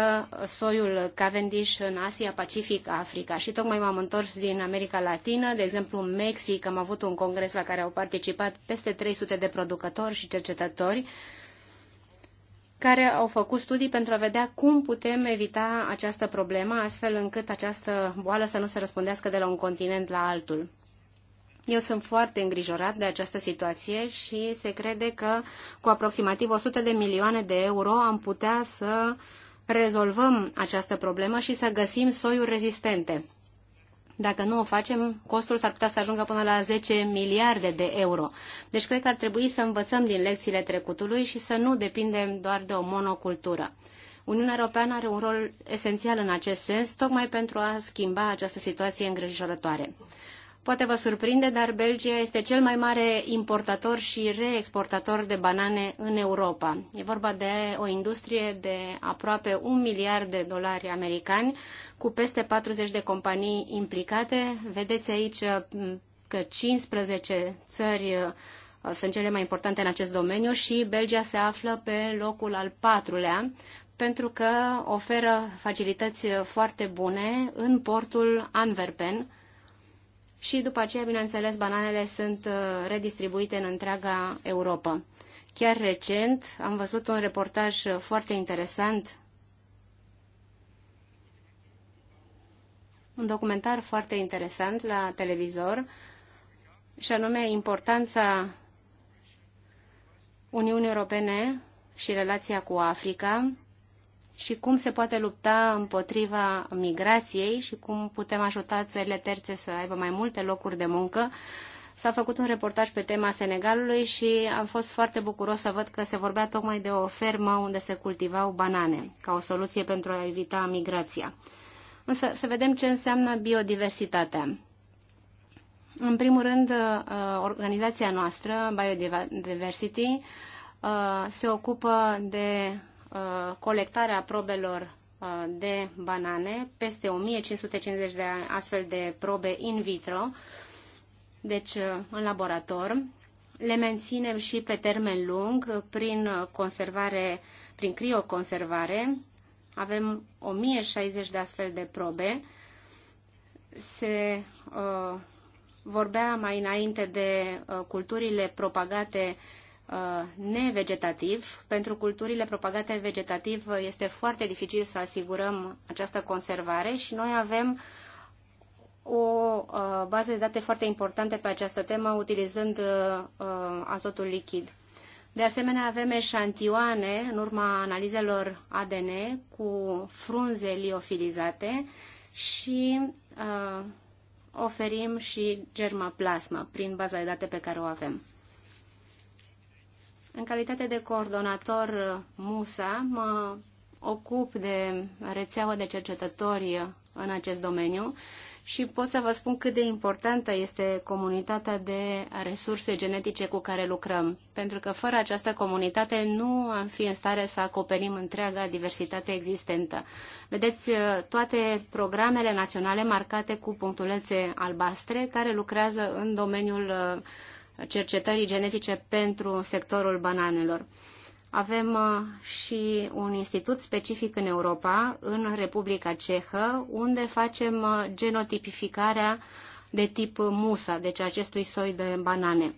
soiul Cavendish în Asia, Pacific, Africa. Și tocmai m-am întors din America Latină, de exemplu în Mexic am avut un congres la care au participat peste 300 de producători și cercetători care au făcut studii pentru a vedea cum putem evita această problemă, astfel încât această boală să nu se răspândească de la un continent la altul. Eu sunt foarte îngrijorat de această situație și se crede că cu aproximativ 100 de milioane de euro am putea să rezolvăm această problemă și să găsim soiuri rezistente. Dacă nu o facem, costul s-ar putea să ajungă până la 10 miliarde de euro. Deci cred că ar trebui să învățăm din lecțiile trecutului și să nu depindem doar de o monocultură. Uniunea Europeană are un rol esențial în acest sens, tocmai pentru a schimba această situație îngrijorătoare. Poate vă surprinde, dar Belgia este cel mai mare importator și reexportator de banane în Europa. E vorba de o industrie de aproape un miliard de dolari americani, cu peste 40 de companii implicate. Vedeți aici mm, că 15 țări uh, sunt cele mai importante în acest domeniu și Belgia se află pe locul al patrulea pentru că oferă facilități foarte bune în portul Anverpen, și după aceea, bineînțeles, bananele sunt uh, redistribuite în întreaga Europa. Chiar recent am văzut un reportaj uh, foarte interesant, un documentar foarte interesant la televizor, și anume importanța Uniunii Europene și relația cu Africa și cum se poate lupta împotriva migrației și cum putem ajuta țările terțe să aibă mai multe locuri de muncă. S-a făcut un reportaj pe tema Senegalului și am fost foarte bucuros să văd că se vorbea tocmai de o fermă unde se cultivau banane, ca o soluție pentru a evita migrația. Însă să vedem ce înseamnă biodiversitatea. În primul rând, uh, organizația noastră, Biodiversity, uh, se ocupă de Uh, colectarea probelor uh, de banane, peste 1550 de astfel de probe in vitro, deci uh, în laborator. Le menținem și pe termen lung prin conservare, prin crioconservare. Avem 1060 de astfel de probe. Se uh, vorbea mai înainte de uh, culturile propagate uh, Uh, nevegetativ. Pentru culturile propagate vegetativ uh, este foarte dificil să asigurăm această conservare și noi avem o uh, bază de date foarte importante pe această temă utilizând azotul lichid. De asemenea, avem eșantioane în urma analizelor ADN cu frunze liofilizate și uh, oferim și germaplasmă prin baza de date pe care o avem. În calitate de coordonator uh, MUSA, mă ocup de rețeaua de cercetători uh, în acest domeniu și pot să vă spun cât de importantă este comunitatea de resurse genetice cu care lucrăm, pentru că fără această comunitate nu am fi în stare să acoperim întreaga diversitate existentă. Vedeți uh, toate programele naționale marcate cu punctulețe albastre care lucrează în domeniul cercetării genetice pentru sectorul bananelor. Avem uh, și un institut specific în Europa, în Republica Cehă, unde facem uh, genotipificarea de tip MUSA, deci acestui soi de banane.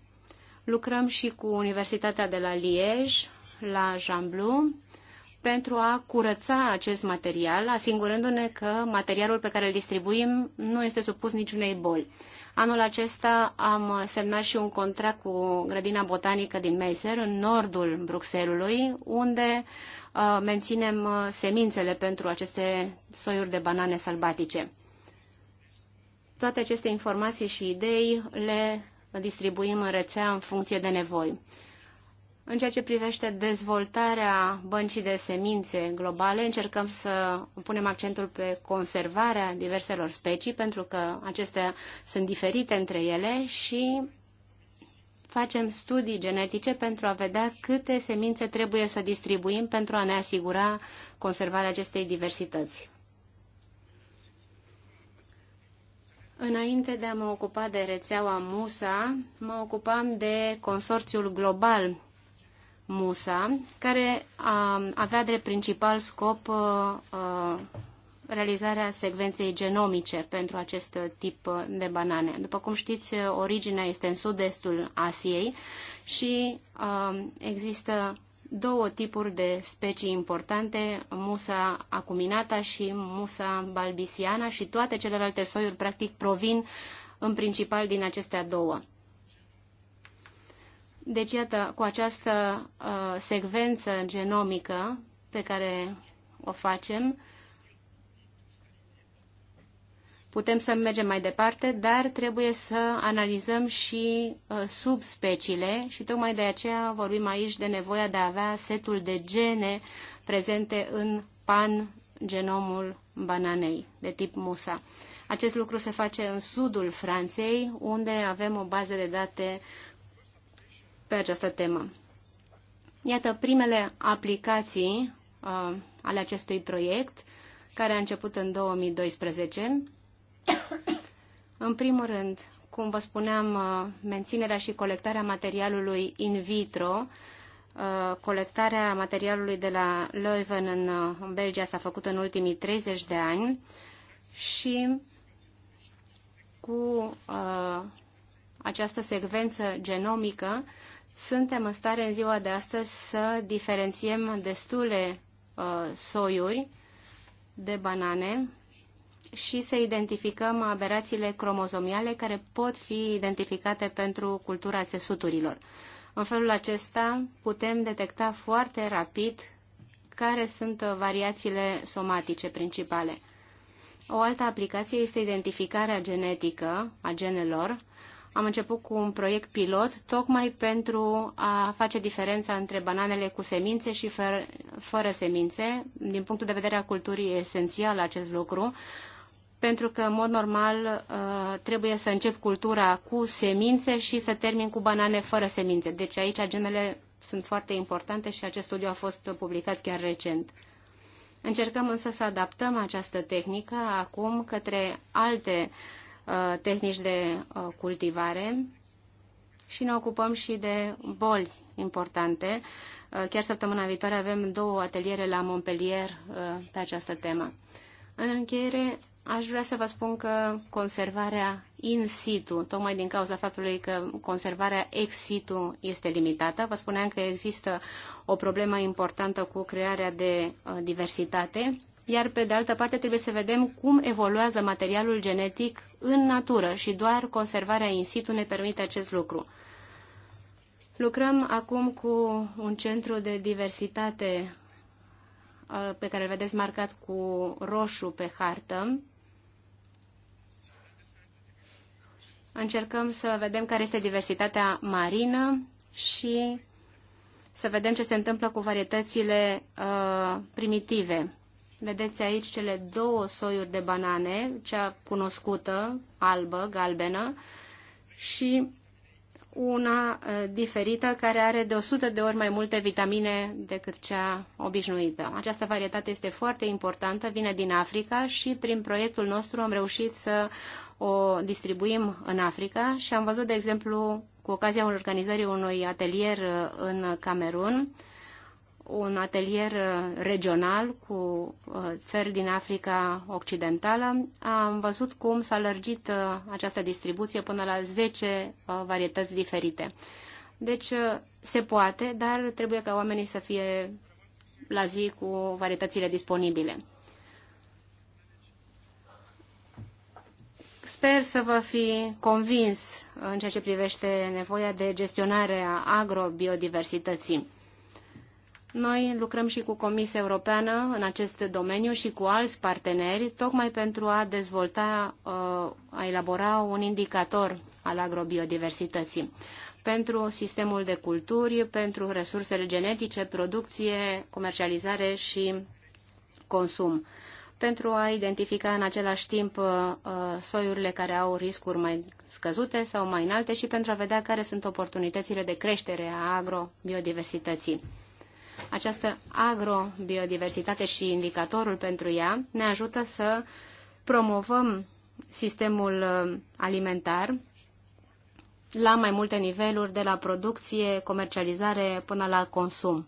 Lucrăm și cu Universitatea de la Liege, la Jamblu, pentru a curăța acest material, asigurându-ne că materialul pe care îl distribuim nu este supus niciunei boli. Anul acesta am semnat și un contract cu grădina botanică din Meiser, în nordul Bruxelului, unde uh, menținem uh, semințele pentru aceste soiuri de banane sălbatice. Toate aceste informații și idei le distribuim în rețea în funcție de nevoi. În ceea ce privește dezvoltarea băncii de semințe globale, încercăm să punem accentul pe conservarea diverselor specii, pentru că acestea sunt diferite între ele și facem studii genetice pentru a vedea câte semințe trebuie să distribuim pentru a ne asigura conservarea acestei diversități. Înainte de a mă ocupa de rețeaua MUSA, mă ocupam de consorțiul global Musa, care a avea drept principal scop uh, uh, realizarea secvenței genomice pentru acest tip uh, de banane. După cum știți, originea este în sud-estul Asiei și există două tipuri de specii importante, Musa acuminata și Musa balbisiana și toate celelalte soiuri practic provin în principal din acestea două. Deci, iată, cu această uh, secvență genomică pe care o facem, putem să mergem mai departe, dar trebuie să analizăm și uh, subspeciile și tocmai de aceea vorbim aici de nevoia de a avea setul de gene prezente în pan genomul bananei de tip Musa. Acest lucru se face în sudul Franței, unde avem o bază de date pe această temă. Iată primele aplicații uh, ale acestui proiect, care a început în 2012. în primul rând, cum vă spuneam, uh, menținerea și colectarea materialului in vitro, uh, colectarea materialului de la Leuven în, uh, în Belgia s-a făcut în ultimii 30 de ani și cu uh, această secvență genomică uh, suntem în stare în ziua de astăzi să diferențiem destule uh, soiuri de banane și să identificăm aberațiile cromozomiale care pot fi identificate pentru cultura țesuturilor. În felul acesta putem detecta foarte rapid care sunt variațiile somatice principale. O altă aplicație este identificarea genetică a genelor, am început cu un proiect pilot tocmai pentru a face diferența între bananele cu semințe și fără, fără semințe. Din punctul de vedere al culturii e esențial acest lucru, pentru că, în mod normal, uh, trebuie să încep cultura cu semințe și să termin cu banane fără semințe. Deci aici genele sunt foarte importante și acest studiu a fost publicat chiar recent. Încercăm însă să adaptăm această tehnică acum către alte uh, Uh, tehnici de uh, cultivare și ne ocupăm și de boli importante. Uh, chiar săptămâna viitoare avem două ateliere la Montpellier pe această temă. În încheiere, aș vrea să vă spun că conservarea in situ, tocmai din cauza faptului că conservarea ex situ este limitată, vă spuneam că există o problemă importantă cu crearea de diversitate iar pe de altă parte trebuie să vedem cum evoluează materialul genetic în natură și doar conservarea in situ ne permite acest lucru. Lucrăm acum cu un centru de diversitate pe care îl vedeți marcat cu roșu pe hartă. Încercăm să vedem care este diversitatea marină și să vedem ce se întâmplă cu varietățile uh, primitive. Vedeți aici cele două soiuri de banane, cea cunoscută, albă, galbenă, și una eh, diferită care are de 100 de ori mai multe vitamine decât cea obișnuită. Această varietate este foarte importantă, vine din Africa și prin proiectul nostru am reușit să o distribuim în Africa și am văzut, de exemplu, cu ocazia organizării unui atelier eh, în Camerun, un atelier uh, regional cu uh, țări din Africa Occidentală. Am văzut cum s-a lărgit uh, această distribuție până la 10 varietăți diferite. Deci se poate, dar trebuie ca oamenii să fie la zi cu varietățile disponibile. Sper să vă fi convins în ceea ce privește nevoia de gestionare a agrobiodiversității. Noi lucrăm și cu Comisia Europeană în acest domeniu și cu alți parteneri, tocmai pentru a dezvolta, uh, a elabora un indicator al agrobiodiversității pentru sistemul de culturi, pentru resursele genetice, producție, comercializare și consum pentru a identifica în același timp uh, soiurile care au riscuri mai scăzute sau mai înalte și pentru a vedea care sunt oportunitățile de creștere a agrobiodiversității. Această agrobiodiversitate și indicatorul pentru ea ne ajută să promovăm sistemul uh, alimentar la mai multe niveluri, de la producție, comercializare până la consum.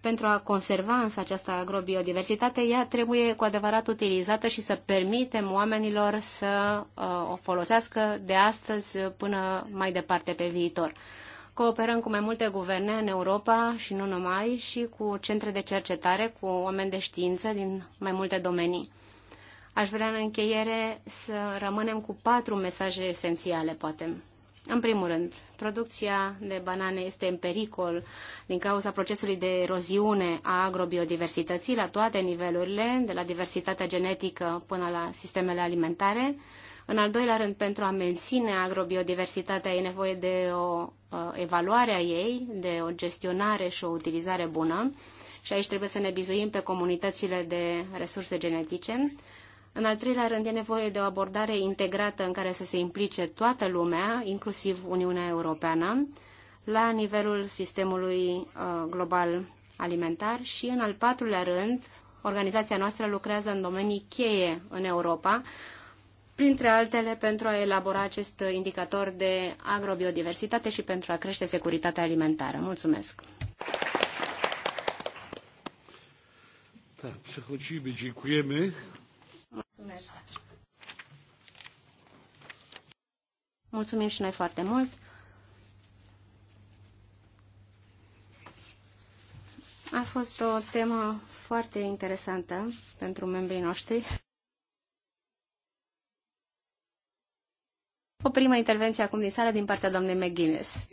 Pentru a conserva însă această agrobiodiversitate, ea trebuie cu adevărat utilizată și să permitem oamenilor să uh, o folosească de astăzi până mai departe pe viitor. Cooperăm cu mai multe guverne în Europa și nu numai și cu centre de cercetare, cu oameni de știință din mai multe domenii. Aș vrea în încheiere să rămânem cu patru mesaje esențiale, poate. În primul rând, producția de banane este în pericol din cauza procesului de eroziune a agrobiodiversității la toate nivelurile, de la diversitatea genetică până la sistemele alimentare. În al doilea rând, pentru a menține agrobiodiversitatea e nevoie de o uh, evaluare a ei, de o gestionare și o utilizare bună și aici trebuie să ne bizuim pe comunitățile de resurse genetice. În al treilea rând, e nevoie de o abordare integrată în care să se implice toată lumea, inclusiv Uniunea Europeană, la nivelul sistemului uh, global alimentar și, în al patrulea rând, organizația noastră lucrează în domenii cheie în Europa, printre altele pentru a elabora acest indicator de agrobiodiversitate și pentru a crește securitatea alimentară. Mulțumesc! Da, Mulțumesc. Mulțumim și noi foarte mult. A fost o temă foarte interesantă pentru membrii noștri. O primă intervenție acum din sală din partea doamnei McGuinness.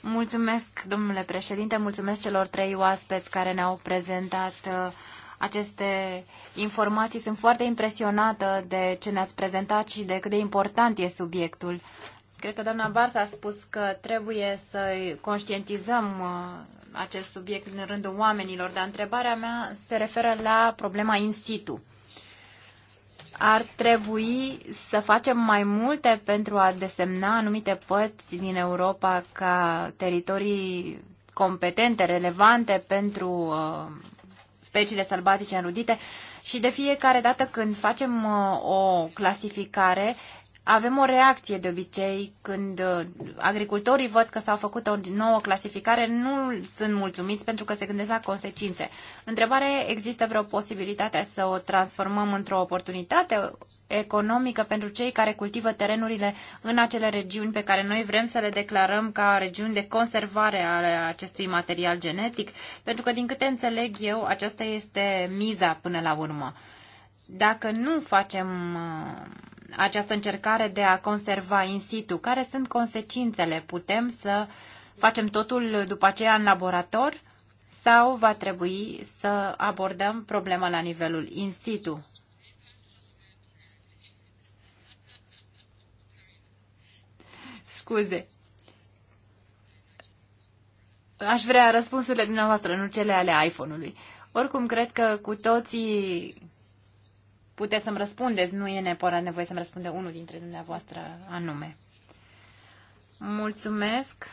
Mulțumesc, domnule președinte, mulțumesc celor trei oaspeți care ne-au prezentat uh, aceste informații. Sunt foarte impresionată de ce ne-ați prezentat și de cât de important e subiectul. Cred că doamna Bart a spus că trebuie să conștientizăm uh, acest subiect în rândul oamenilor, dar întrebarea mea se referă la problema in situ ar trebui să facem mai multe pentru a desemna anumite părți din Europa ca teritorii competente, relevante pentru uh, speciile sălbatice înrudite și de fiecare dată când facem uh, o clasificare avem o reacție de obicei când uh, agricultorii văd că s au făcut o nouă clasificare, nu sunt mulțumiți pentru că se gândesc la consecințe. Întrebare, există vreo posibilitate să o transformăm într-o oportunitate economică pentru cei care cultivă terenurile în acele regiuni pe care noi vrem să le declarăm ca regiuni de conservare ale acestui material genetic? Pentru că, din câte înțeleg eu, aceasta este miza până la urmă. Dacă nu facem uh, această încercare de a conserva in situ? Care sunt consecințele? Putem să facem totul după aceea în laborator sau va trebui să abordăm problema la nivelul in situ? Scuze. Aș vrea răspunsurile dumneavoastră, nu cele ale iPhone-ului. Oricum, cred că cu toții puteți să-mi răspundeți, nu e neapărat nevoie să-mi răspunde unul dintre dumneavoastră anume. Mulțumesc.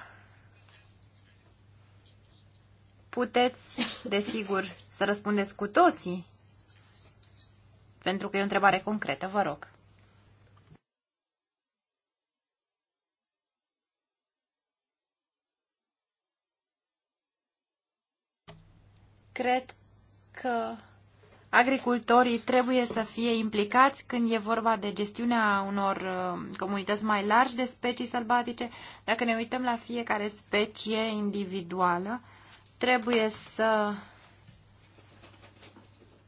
Puteți, desigur, să răspundeți cu toții, pentru că e o întrebare concretă, vă rog. Cred că agricultorii trebuie să fie implicați când e vorba de gestiunea unor uh, comunități mai largi de specii sălbatice. Dacă ne uităm la fiecare specie individuală, trebuie să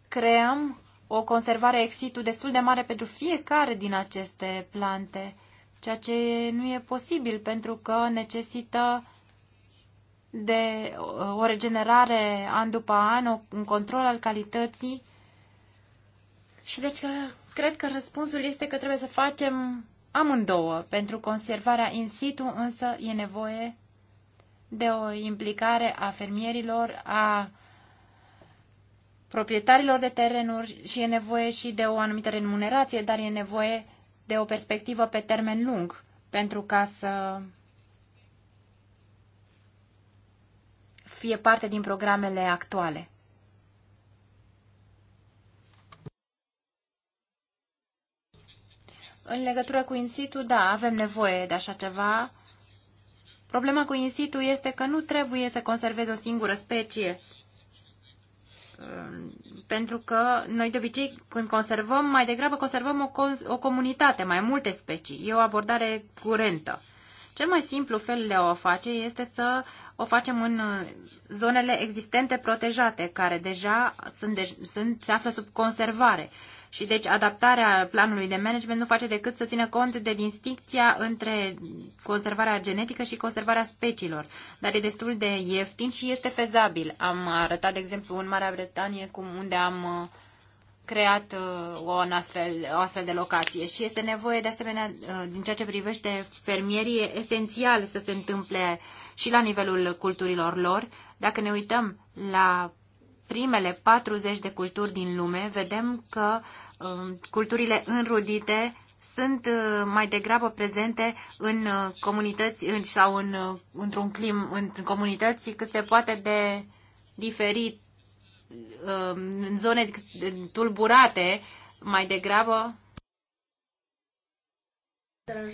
creăm o conservare ex situ destul de mare pentru fiecare din aceste plante, ceea ce nu e posibil pentru că necesită de uh, o regenerare an după an, un control al calității și deci uh, cred că răspunsul este că trebuie să facem amândouă. Pentru conservarea in situ însă e nevoie de o implicare a fermierilor, a proprietarilor de terenuri și e nevoie și de o anumită remunerație, dar e nevoie de o perspectivă pe termen lung pentru ca să fie parte din programele actuale. În legătură cu in situ, da, avem nevoie de așa ceva. Problema cu in situ este că nu trebuie să conservezi o singură specie. Um, pentru că noi de obicei când conservăm, mai degrabă conservăm o, o comunitate, mai multe specii. E o abordare curentă. Cel mai simplu fel de a o face este să o facem în uh, zonele existente protejate, care deja sunt, de, sunt, se află sub conservare. Și deci adaptarea planului de management nu face decât să țină cont de distincția între conservarea genetică și conservarea speciilor. Dar e destul de ieftin și este fezabil. Am arătat, de exemplu, în Marea Bretanie, cum unde am uh, creat uh, o astfel, o astfel de locație și este nevoie de asemenea uh, din ceea ce privește fermierii esențial să se întâmple și la nivelul culturilor lor. Dacă ne uităm la primele 40 de culturi din lume, vedem că um, culturile înrudite sunt uh, mai degrabă prezente în uh, comunități în, sau în, uh, într-un clim, în comunități cât se poate de diferit, um, în zone tulburate mai degrabă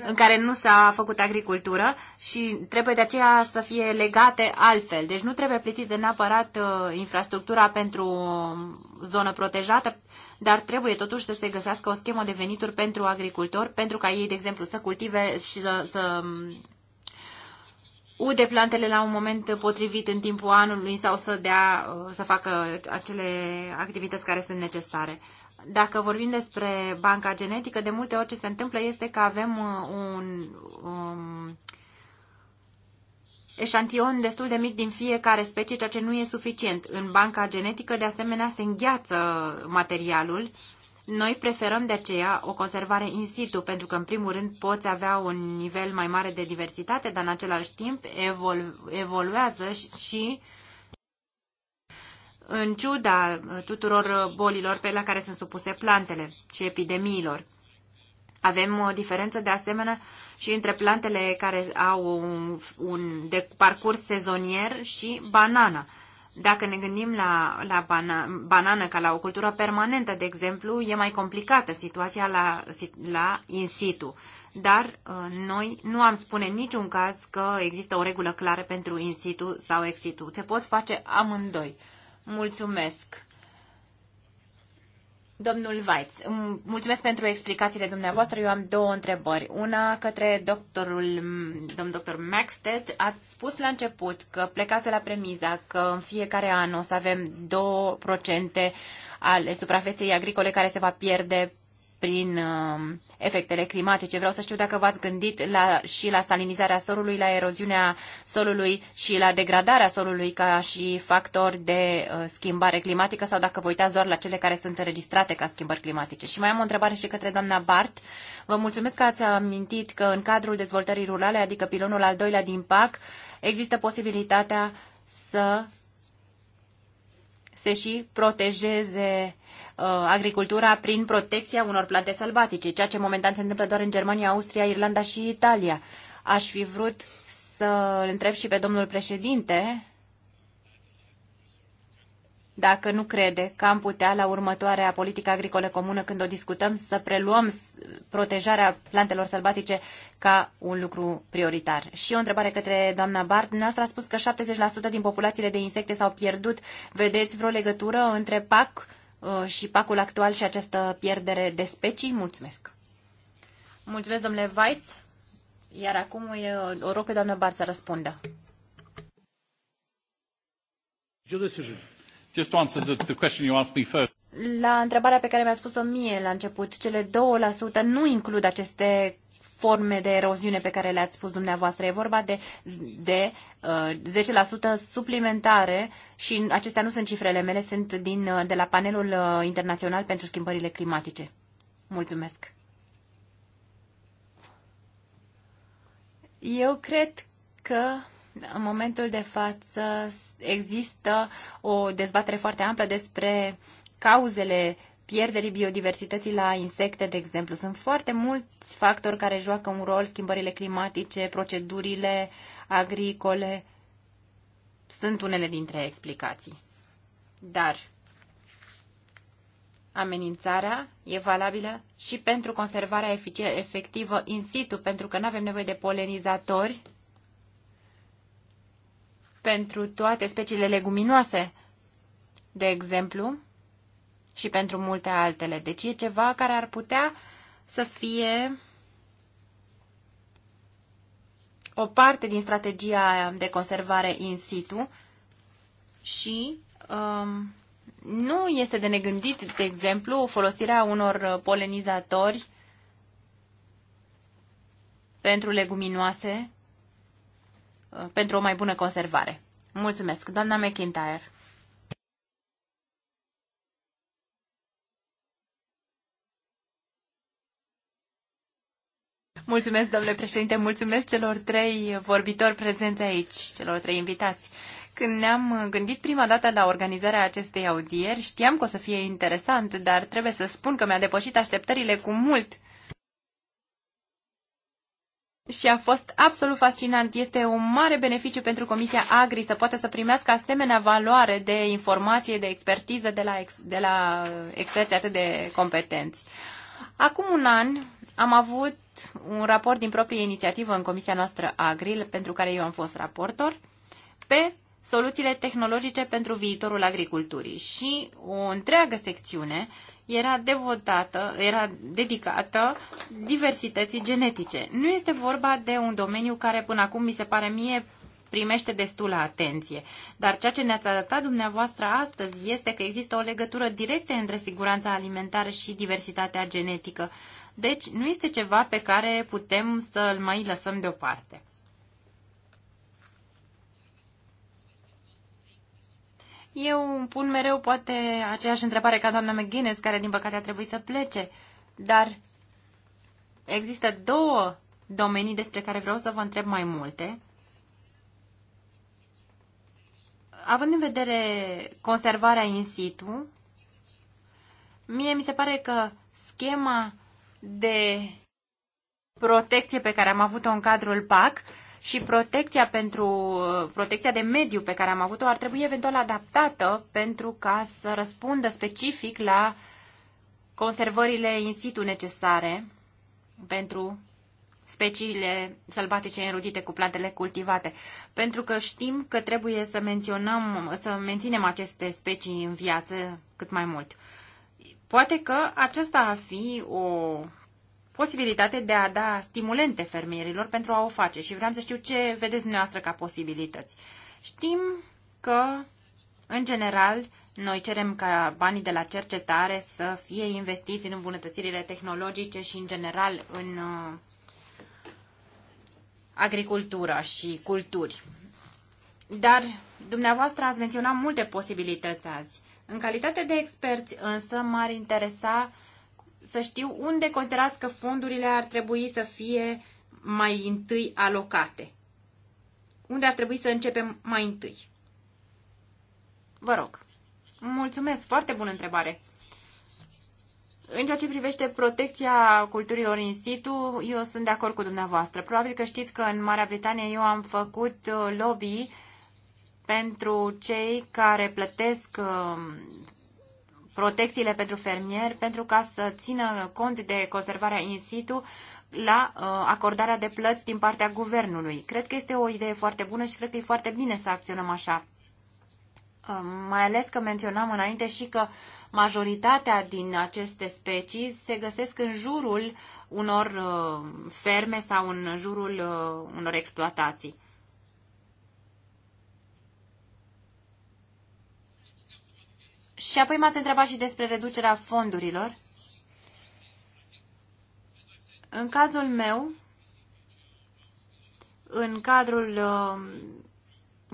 în care nu s-a făcut agricultură și trebuie de aceea să fie legate altfel. Deci nu trebuie plătită neapărat uh, infrastructura pentru um, zonă protejată, dar trebuie totuși să se găsească o schemă de venituri pentru agricultori, pentru ca ei, de exemplu, să cultive și să, să um, ude plantele la un moment potrivit în timpul anului sau să, dea, uh, să facă acele activități care sunt necesare dacă vorbim despre banca genetică, de multe ori ce se întâmplă este că avem uh, un, un um, eșantion destul de mic din fiecare specie, ceea ce nu e suficient. În banca genetică, de asemenea, se îngheață materialul. Noi preferăm de aceea o conservare in situ, pentru că, în primul rând, poți avea un nivel mai mare de diversitate, dar, în același timp, evolu- evoluează și, și în ciuda uh, tuturor uh, bolilor pe la care sunt supuse plantele și epidemiilor. Avem o uh, diferență de asemenea și între plantele care au un, un de parcurs sezonier și banana. Dacă ne gândim la, la bana, banană ca la o cultură permanentă, de exemplu, e mai complicată situația la, la in situ. Dar noi nu am spune în niciun caz că există o regulă clară pentru in situ sau ex situ. Se pot face amândoi. Mulțumesc. Domnul Weitz, mulțumesc pentru explicațiile dumneavoastră. Eu am două întrebări. Una către doctorul, domn doctor Maxted. Ați spus la început că plecați la premiza că în fiecare an o să avem 2% ale suprafeței agricole care se va pierde prin um, efectele climatice. Vreau să știu dacă v-ați gândit la, și la salinizarea solului, la eroziunea solului și la degradarea solului ca și factor de uh, schimbare climatică sau dacă vă uitați doar la cele care sunt înregistrate ca schimbări climatice. Și mai am o întrebare și către doamna Bart. Vă mulțumesc că ați amintit că în cadrul dezvoltării rurale, adică pilonul al doilea din PAC, există posibilitatea să se și protejeze uh, agricultura prin protecția unor plante sălbatice, ceea ce momentan se întâmplă doar în Germania, Austria, Irlanda și Italia. Aș fi vrut să îl întreb și pe domnul președinte dacă nu crede că am putea la următoarea politică agricolă comună, când o discutăm, să preluăm protejarea plantelor sălbatice ca un lucru prioritar. Și o întrebare către doamna Bart. Noastră a spus că 70% din populațiile de insecte s-au pierdut. Vedeți vreo legătură între PAC uh, și PAC-ul actual și această pierdere de specii? Mulțumesc! Mulțumesc, domnule Vaiț! Iar acum e o rog pe doamna Bart să răspundă. Eu de Just to answer the, the question you asked me first. La întrebarea pe care mi-a spus-o mie la început, cele 2% nu includ aceste forme de eroziune pe care le-ați spus dumneavoastră. E vorba de, de uh, 10% suplimentare și acestea nu sunt cifrele mele, sunt din, uh, de la panelul uh, internațional pentru schimbările climatice. Mulțumesc. Eu cred că în momentul de față există o dezbatere foarte amplă despre cauzele pierderii biodiversității la insecte, de exemplu. Sunt foarte mulți factori care joacă un rol, schimbările climatice, procedurile agricole. Sunt unele dintre explicații. Dar amenințarea e valabilă și pentru conservarea efectivă in situ, pentru că nu avem nevoie de polenizatori pentru toate speciile leguminoase, de exemplu, și pentru multe altele. Deci e ceva care ar putea să fie o parte din strategia de conservare in situ și um, nu este de negândit, de exemplu, folosirea unor polenizatori pentru leguminoase pentru o mai bună conservare. Mulțumesc, doamna McIntyre. Mulțumesc, domnule președinte, mulțumesc celor trei vorbitori prezenți aici, celor trei invitați. Când ne-am gândit prima dată la organizarea acestei audieri, știam că o să fie interesant, dar trebuie să spun că mi-a depășit așteptările cu mult și a fost absolut fascinant. Este un mare beneficiu pentru Comisia Agri să poată să primească asemenea valoare de informație, de expertiză de la, ex, de la experți atât de competenți. Acum un an am avut un raport din proprie inițiativă în Comisia noastră Agri, pentru care eu am fost raportor, pe soluțiile tehnologice pentru viitorul agriculturii și o întreagă secțiune uh, era devotată, era dedicată diversității genetice. Nu este vorba de un domeniu care până acum mi se pare mie primește destulă atenție. Dar ceea ce ne-ați arătat dumneavoastră astăzi este că există o legătură directă între siguranța alimentară și diversitatea genetică. Deci nu este ceva pe care putem să-l mai lăsăm deoparte. Eu pun mereu poate aceeași întrebare ca doamna McGuinness, care din păcate a trebuit să plece, dar există două domenii despre care vreau să vă întreb mai multe. Având în vedere conservarea in situ, mie mi se pare că schema de protecție pe care am avut-o în cadrul PAC și protecția pentru protecția de mediu pe care am avut-o ar trebui eventual adaptată pentru ca să răspundă specific la conservările in situ necesare pentru speciile sălbatice înrudite cu plantele cultivate, pentru că știm că trebuie să menționăm, să menținem aceste specii în viață cât mai mult. Poate că aceasta ar fi o posibilitate de a da stimulente fermierilor pentru a o face și vreau să știu ce vedeți dumneavoastră ca posibilități. Știm că, în general, noi cerem ca banii de la cercetare să fie investiți în îmbunătățirile tehnologice și, în general, în uh, agricultură și culturi. Dar dumneavoastră ați menționat multe posibilități azi. În calitate de experți, însă, m-ar interesa uh, să știu unde considerați că fondurile ar trebui să fie mai întâi alocate. Unde ar trebui să începem mai întâi? Vă rog. Mulțumesc, foarte bună întrebare. În ceea ce privește protecția culturilor in situ, eu sunt de acord cu dumneavoastră. Probabil că știți că în Marea Britanie eu am făcut uh, lobby pentru cei care plătesc uh, protecțiile pentru fermieri pentru ca să țină cont de conservarea in situ la uh, acordarea de plăți din partea guvernului. Cred că este o idee foarte bună și cred că e foarte bine să acționăm așa. Uh, mai ales că menționam înainte și că majoritatea din aceste specii se găsesc în jurul unor uh, ferme sau în jurul unor exploatații. Și apoi m-ați întrebat și despre reducerea fondurilor. În cazul meu, în cadrul uh,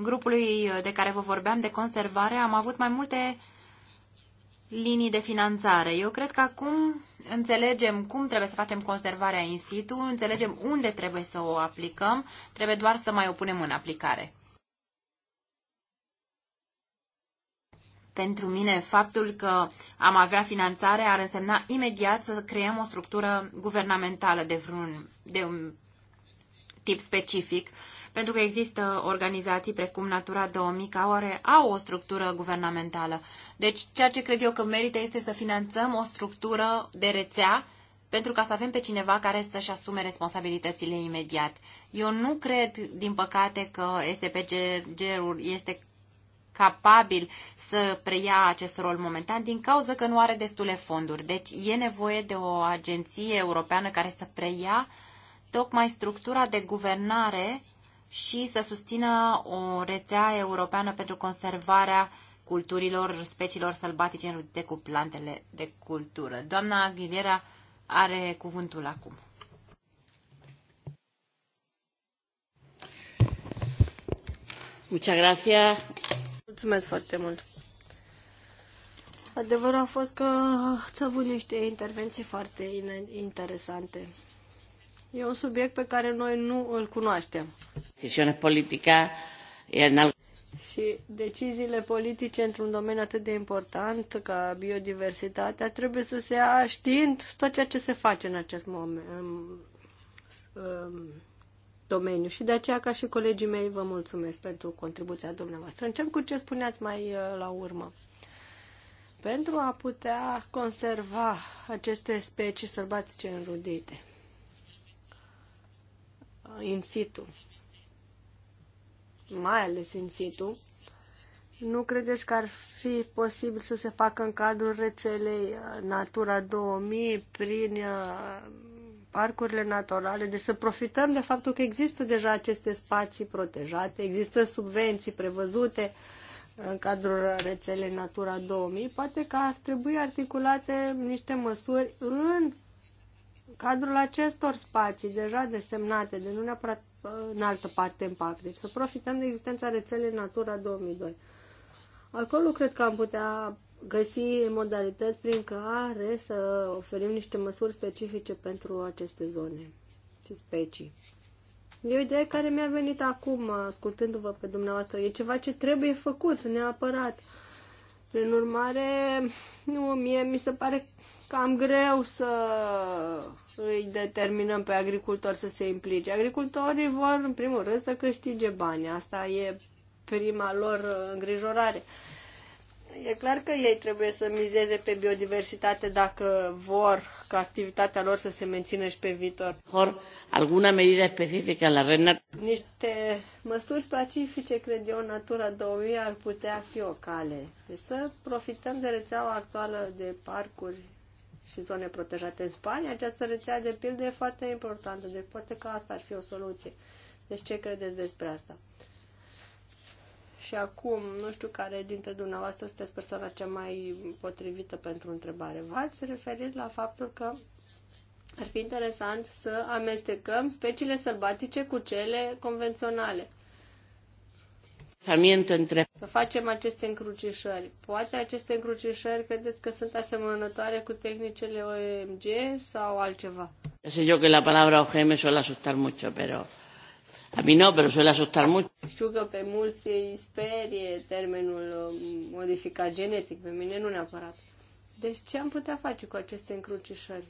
grupului de care vă vorbeam, de conservare, am avut mai multe linii de finanțare. Eu cred că acum înțelegem cum trebuie să facem conservarea in situ, înțelegem unde trebuie să o aplicăm, trebuie doar să mai o punem în aplicare. Pentru mine, faptul că am avea finanțare ar însemna imediat să creăm o structură guvernamentală de vreun de un tip specific, pentru că există organizații precum Natura 2000 care au o structură guvernamentală. Deci, ceea ce cred eu că merită este să finanțăm o structură de rețea pentru ca să avem pe cineva care să-și asume responsabilitățile imediat. Eu nu cred, din păcate, că SPG-ul este capabil să preia acest rol momentan din cauza că nu are destule fonduri. Deci e nevoie de o agenție europeană care să preia tocmai structura de guvernare și să susțină o rețea europeană pentru conservarea culturilor, speciilor sălbatice înrudite cu plantele de cultură. Doamna Aguilera are cuvântul acum. Muchas gracias. Mulțumesc foarte mult. Adevărul a fost că ați avut niște intervenții foarte interesante. E un subiect pe care noi nu îl cunoaștem. Decizioane politică în Și deciziile politice într-un domeniu atât de important ca biodiversitatea trebuie să se ia tot ceea ce se face în acest moment, domeniu. Și de aceea, ca și colegii mei, vă mulțumesc pentru contribuția dumneavoastră. Încep cu ce spuneați mai uh, la urmă. Pentru a putea conserva aceste specii sălbatice înrudite, uh, in situ, mai ales in situ, nu credeți că ar fi posibil să se facă în cadrul rețelei uh, Natura 2000 prin parcurile naturale, deci să profităm de faptul că există deja aceste spații protejate, există subvenții prevăzute în cadrul rețelei Natura 2000, poate că ar trebui articulate niște măsuri în cadrul acestor spații deja desemnate, de deci nu neapărat uh, în altă parte în parc, deci să profităm de existența rețelei Natura 2002. Acolo cred că am putea găsi modalități prin care să oferim niște măsuri specifice pentru aceste zone și specii. E o idee care mi-a venit acum, ascultându-vă pe dumneavoastră. E ceva ce trebuie făcut, neapărat. Prin urmare, nu, mie mi se pare cam greu să îi determinăm pe agricultori să se implice. Agricultorii vor, în primul rând, să câștige bani. Asta e prima lor îngrijorare. Uh, e clar că ei trebuie să mizeze pe biodiversitate dacă vor ca activitatea lor să se mențină și pe viitor. Or, alguna medida specifică la renă? Niște măsuri specifice, cred eu, Natura 2000 ar putea fi o cale. Deci să profităm de rețeaua actuală de parcuri și zone protejate în Spania. Această rețea, de pildă, e foarte importantă, deci poate că asta ar fi o soluție. Deci ce credeți despre asta? Și acum, nu știu care dintre dumneavoastră sunteți persoana cea mai potrivită pentru întrebare. V-ați referit la faptul că ar fi interesant să amestecăm speciile sălbatice cu cele convenționale. Între... Să facem aceste încrucișări. Poate aceste încrucișări credeți că sunt asemănătoare cu tehnicele OMG sau altceva? Sé yo că la palabra OGM suele asustar mucho, pero a mí no, pero suele asustar mucho. Știu că pe mulți îi sperie termenul um, modificat genetic, pe mine nu neapărat. Deci ce am putea face cu aceste încrucișări?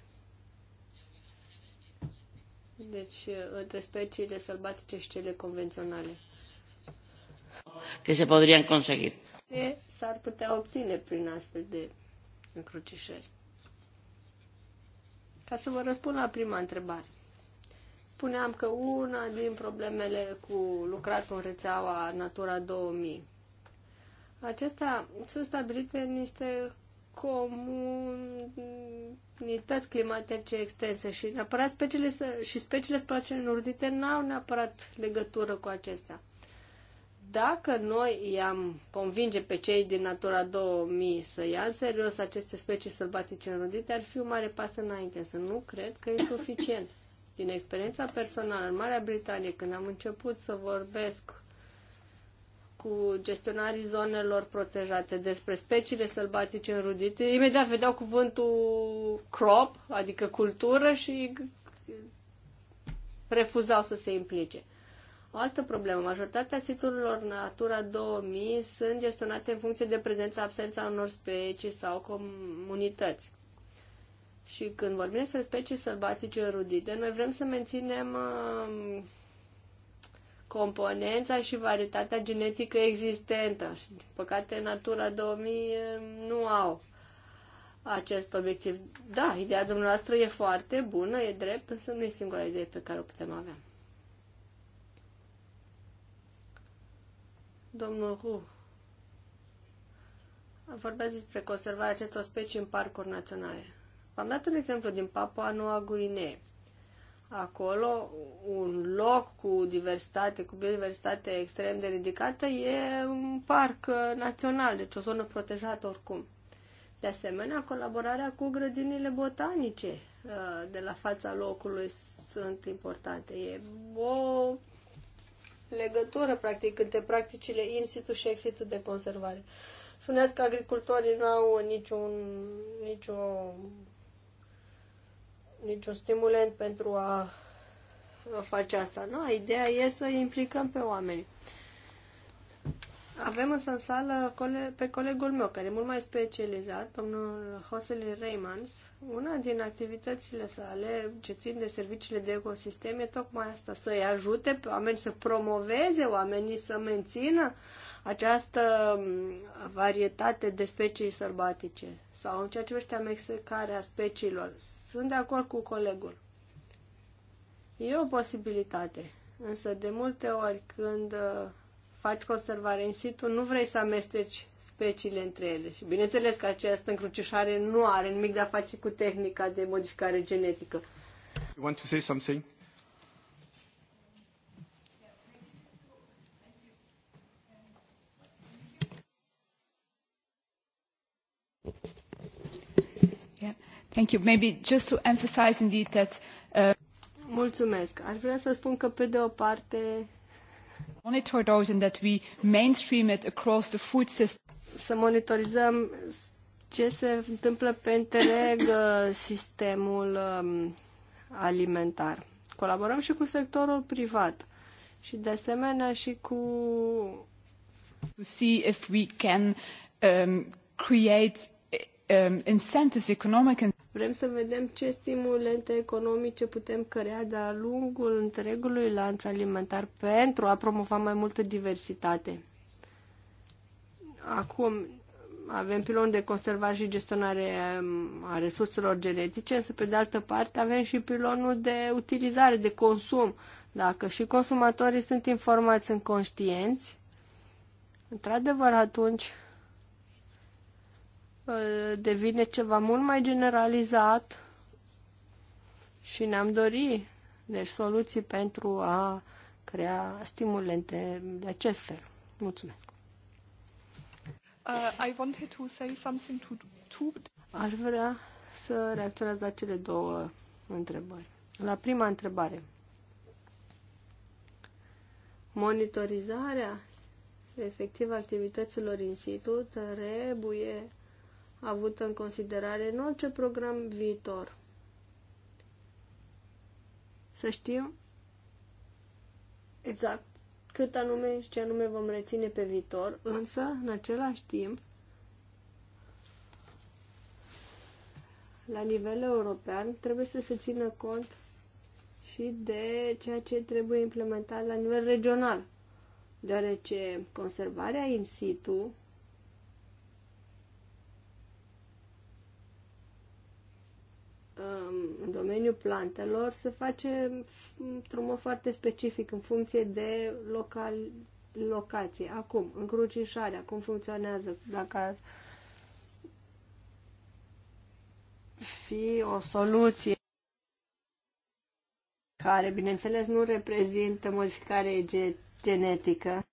Deci, uh, între speciile sălbatice și cele convenționale. Ce se podrían conseguir. Ce s-ar putea obține prin astfel de încrucișări? Ca să vă răspund la prima întrebare spuneam că una din problemele cu lucratul în rețeaua Natura 2000. Acestea sunt stabilite niște comunități climatice extense și neapărat speciile și speciile spațiene urdite n-au neapărat legătură cu acestea. Dacă noi i-am convinge pe cei din Natura 2000 să ia în serios aceste specii sălbatice înrudite, ar fi un mare pas înainte, să nu cred că e suficient. Din experiența personală în Marea Britanie, când am început să vorbesc cu gestionarii zonelor protejate despre speciile sălbatice înrudite, imediat vedeau cuvântul crop, adică cultură și refuzau să se implice. O altă problemă, majoritatea siturilor Natura 2000 sunt gestionate în funcție de prezența-absența unor specii sau comunități. Și când vorbim despre specii sălbatice rudite, noi vrem să menținem um, componența și varietatea genetică existentă. Și, din păcate, Natura 2000 um, nu au acest obiectiv. Da, ideea dumneavoastră e foarte bună, e drept, însă nu e singura idee pe care o putem avea. Domnul Hu, vorbeați despre conservarea acestor specii în parcuri naționale. V-am dat un exemplu din Papua Noua Guinee. Acolo, un loc cu diversitate, cu biodiversitate extrem de ridicată, e un parc național, deci o zonă protejată oricum. De asemenea, colaborarea cu grădinile botanice uh, de la fața locului sunt importante. E o legătură, practic, între practicile in-situ și situ de conservare. Spuneați că agricultorii nu au niciun, nicio niciun stimulent pentru a face asta. Nu, ideea e să implicăm pe oameni. Avem însă în sală pe colegul meu, care e mult mai specializat, domnul Hoseli Reimans. Una din activitățile sale ce țin de serviciile de ecosistem e tocmai asta, să-i ajute pe oameni, să promoveze oamenii, să mențină această mm, varietate de specii sălbatice sau în ceea ce privește amestecarea speciilor. Sunt de acord cu colegul. E o posibilitate, însă de multe ori când uh, faci conservare în situ, nu vrei să amesteci speciile între ele. Și bineînțeles că această încrucișare nu are nimic de a face cu tehnica de modificare genetică. You want to say something? Uh, Mulțumesc. Ar vrea să spun că pe de o parte monitor those and that we mainstream it across the food system. Să monitorizăm ce se întâmplă pe întreg uh, sistemul um, alimentar. Colaborăm și cu sectorul privat și de asemenea și cu to see if we can um, create um, incentives economic and Vrem să vedem ce stimulente economice putem crea de-a lungul întregului lanț alimentar pentru a promova mai multă diversitate. Acum, avem pilon de conservare și gestionare a resurselor genetice, însă pe de altă parte avem și pilonul de utilizare, de consum. Dacă și consumatorii sunt informați, sunt conștienți, într-adevăr atunci Ă, devine ceva mult mai generalizat și ne-am dorit deci soluții pentru a crea stimulente de acest fel. Mulțumesc. Uh, I wanted to say something to, to... Aș vrea să reacționez la cele două întrebări. La prima întrebare. Monitorizarea efectivă activităților in situ trebuie avută în considerare în orice program viitor. Să știm exact cât anume și ce anume vom reține pe viitor, însă, în același timp, la nivel european, trebuie să se țină cont și de ceea ce trebuie implementat la nivel regional, deoarece conservarea in situ Um, în domeniul plantelor se face într-un mod foarte specific în funcție de local, locație. Acum, încrucișarea, cum funcționează, dacă ar fi o soluție care, bineînțeles, nu reprezintă modificare genetică.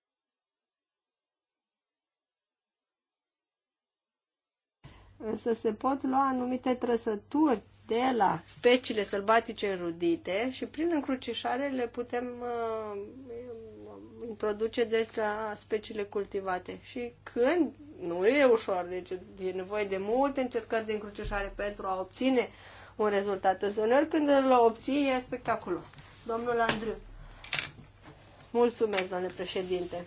Însă se pot lua anumite trăsături de la speciile sălbatice înrudite și prin încrucișare le putem uh, produce de deci la speciile cultivate. Și când, nu e ușor, deci e nevoie de multe încercări de încrucișare pentru a obține un rezultat. Însă uneori când îl obții e spectaculos. Domnul Andriu. Mulțumesc, domnule președinte.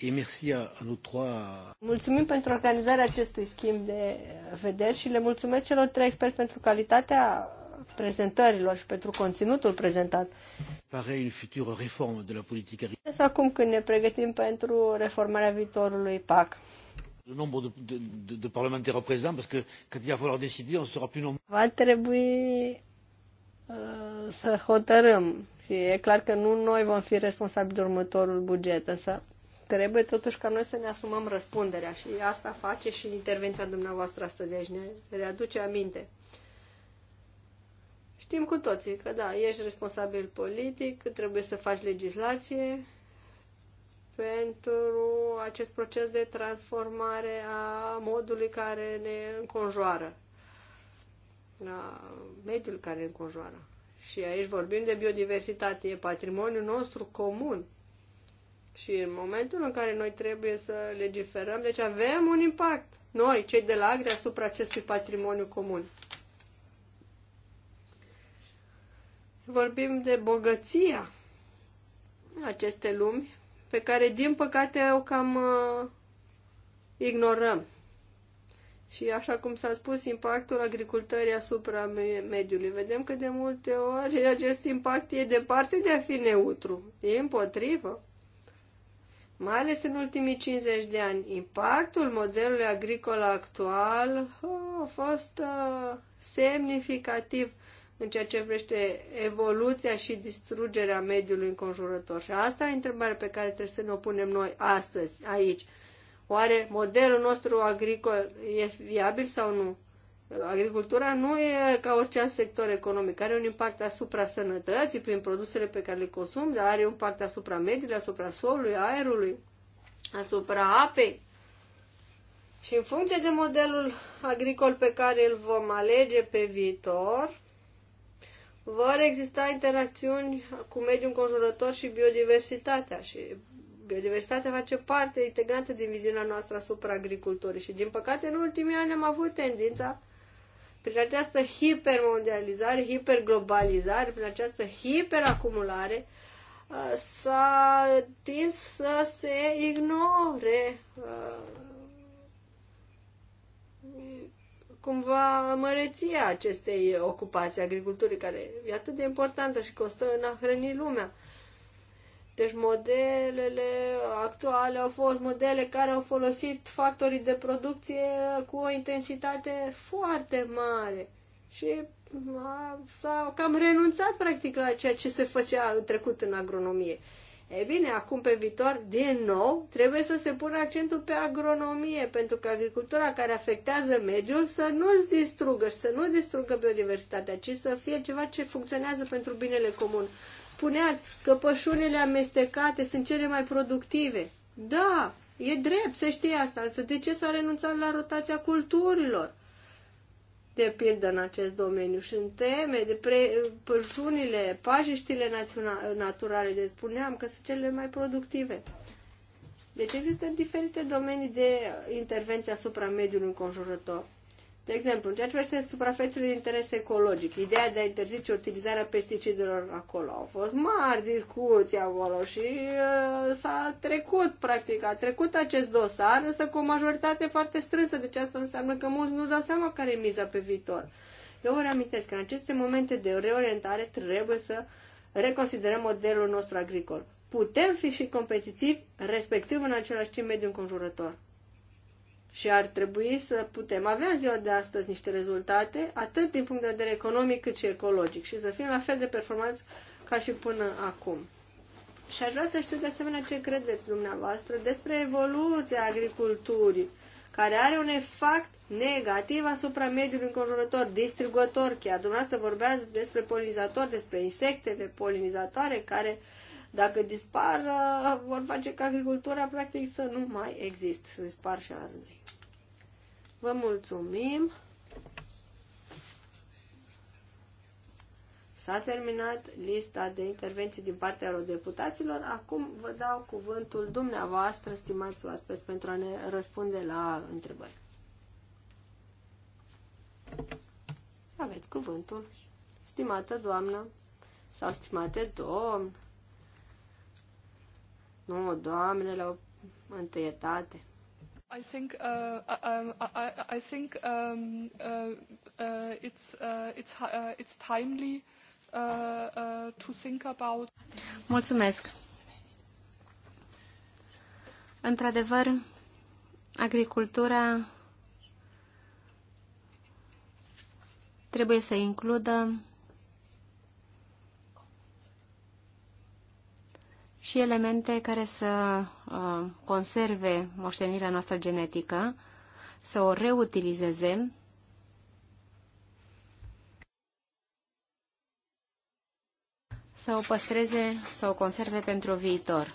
Et merci à, à nos trois... Mulțumim pentru organizarea acestui schimb de vederi și le mulțumesc celor trei experți pentru calitatea prezentărilor și pentru conținutul prezentat. Pare une future reformă de la politică. Acum când ne pregătim pentru reformarea viitorului PAC le nombre de, de, de, de parlementaires représentants, parce que quand il va falloir décider, on sera plus nombreux. Va trebui uh, să hotărâm. Și e clar că nu noi vom fi responsabili de următorul buget, însă Trebuie totuși ca noi să ne asumăm răspunderea și asta face și intervenția dumneavoastră astăzi aici, ne readuce aminte. Știm cu toții că da, ești responsabil politic, că trebuie să faci legislație pentru acest proces de transformare a modului care ne înconjoară, a mediul care ne înconjoară. Și aici vorbim de biodiversitate, e patrimoniul nostru comun, și în momentul în care noi trebuie să legiferăm, deci avem un impact, noi, cei de la Agri, asupra acestui patrimoniu comun. Vorbim de bogăția aceste lumi pe care, din păcate, o cam uh, ignorăm. Și așa cum s-a spus, impactul agricultării asupra mediului. Vedem că de multe ori acest impact e departe de a fi neutru, e împotrivă mai ales în ultimii 50 de ani. Impactul modelului agricol actual a fost uh, semnificativ în ceea ce vrește evoluția și distrugerea mediului înconjurător. Și asta e întrebarea pe care trebuie să ne o punem noi astăzi, aici. Oare modelul nostru agricol e viabil sau nu? Agricultura nu e ca orice alt sector economic. Are un impact asupra sănătății prin produsele pe care le consum, dar are un impact asupra mediului, asupra solului, aerului, asupra apei. Și în funcție de modelul agricol pe care îl vom alege pe viitor, vor exista interacțiuni cu mediul înconjurător și biodiversitatea. Și biodiversitatea face parte integrantă din viziunea noastră asupra agriculturii. Și din păcate, în ultimii ani am avut tendința prin această hipermondializare, hiperglobalizare, prin această hiperacumulare, uh, s-a tins să se ignore uh, cumva măreția acestei ocupații agriculturii, care e atât de importantă și costă în a hrăni lumea. Deci modelele actuale au fost modele care au folosit factorii de producție cu o intensitate foarte mare. Și s-a cam renunțat practic la ceea ce se făcea în trecut în agronomie. E bine, acum pe viitor, din nou, trebuie să se pună accentul pe agronomie, pentru că agricultura care afectează mediul să nu îl distrugă și să nu distrugă biodiversitatea, ci să fie ceva ce funcționează pentru binele comun. Spuneați că pășunile amestecate sunt cele mai productive. Da, e drept, să știe asta, însă de ce s-a renunțat la rotația culturilor? de pildă în acest domeniu și în teme de pre, pășunile, pajiștile naturale, de spuneam că sunt cele mai productive. Deci există diferite domenii de intervenție asupra mediului înconjurător. De exemplu, în ceea ce privește suprafețele de interes ecologic, ideea de a interzice utilizarea pesticidelor acolo, au fost mari discuții acolo și uh, s-a trecut, practic, a trecut acest dosar, însă cu o majoritate foarte strânsă, deci asta înseamnă că mulți nu dau seama care e miza pe viitor. Eu vă reamintesc că în aceste momente de reorientare trebuie să reconsiderăm modelul nostru agricol. Putem fi și competitivi, respectiv în același timp mediul înconjurător. Și ar trebui să putem avea ziua de astăzi niște rezultate, atât din punct de vedere economic cât și ecologic, și să fim la fel de performanți ca și până acum. Și aș vrea să știu de asemenea ce credeți dumneavoastră despre evoluția agriculturii, care are un efect negativ asupra mediului înconjurător, distribuitor chiar. Dumneavoastră vorbeați despre polinizatori, despre insectele polinizatoare care, dacă dispar, uh, vor face ca agricultura practic să nu mai există, să dispar și anului. Vă mulțumim! S-a terminat lista de intervenții din partea deputaților. Acum vă dau cuvântul dumneavoastră, stimați oaspeți, pentru a ne răspunde la întrebări. Aveți cuvântul. Stimată doamnă sau stimate domn. Nu, doamnele, o întâietate. I think uh, I, I, I think um, uh, uh, it's uh, it's uh, it's timely uh, uh, to think about. Mulțumesc. Într-adevăr, agricultura trebuie să includă și elemente care să uh, conserve moștenirea noastră genetică, să o reutilizeze să o păstreze, să o conserve pentru viitor.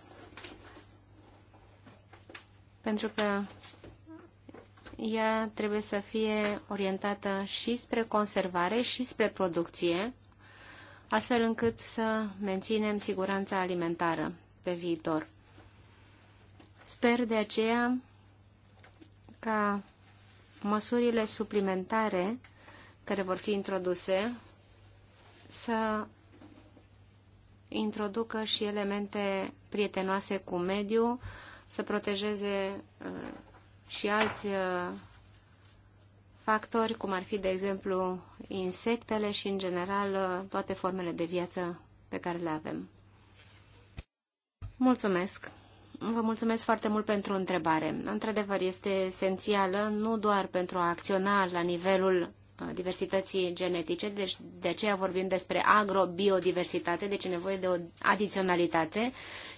Pentru că ea trebuie să fie orientată și spre conservare și spre producție, astfel încât să menținem siguranța alimentară pe viitor. Sper de aceea ca măsurile suplimentare care vor fi introduse să introducă și elemente prietenoase cu mediul, să protejeze uh, și alți uh, factori, cum ar fi, de exemplu, insectele și, în general, uh, toate formele de viață pe care le avem. Mulțumesc! Vă mulțumesc foarte mult pentru întrebare. Într-adevăr, este esențială nu doar pentru a acționa la nivelul uh, diversității genetice, deci de aceea vorbim despre agrobiodiversitate, deci e nevoie de o adiționalitate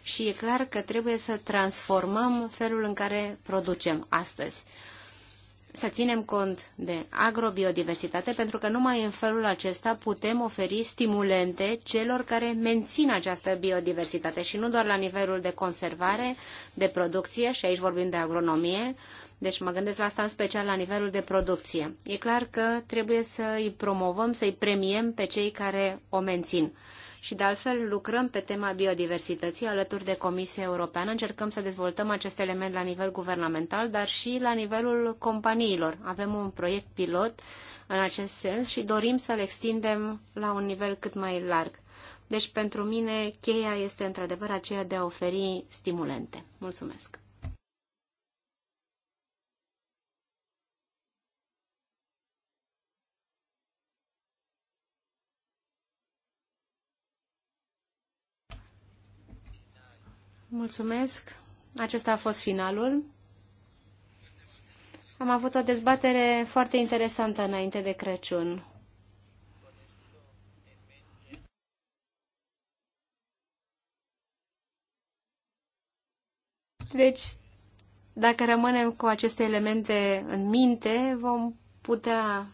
și e clar că trebuie să transformăm felul în care producem astăzi să ținem cont de agrobiodiversitate, pentru că numai în felul acesta putem oferi stimulente celor care mențin această biodiversitate și nu doar la nivelul de conservare, de producție, și aici vorbim de agronomie, deci mă gândesc la asta în special la nivelul de producție. E clar că trebuie să îi promovăm, să îi premiem pe cei care o mențin și de altfel lucrăm pe tema biodiversității alături de Comisia Europeană. Încercăm să dezvoltăm acest element la nivel guvernamental, dar și la nivelul companiilor. Avem un proiect pilot în acest sens și dorim să-l extindem la un nivel cât mai larg. Deci, pentru mine, cheia este într-adevăr aceea de a oferi stimulente. Mulțumesc! Mulțumesc. Acesta a fost finalul. Am avut o dezbatere foarte interesantă înainte de Crăciun. Deci, dacă rămânem cu aceste elemente în minte, vom putea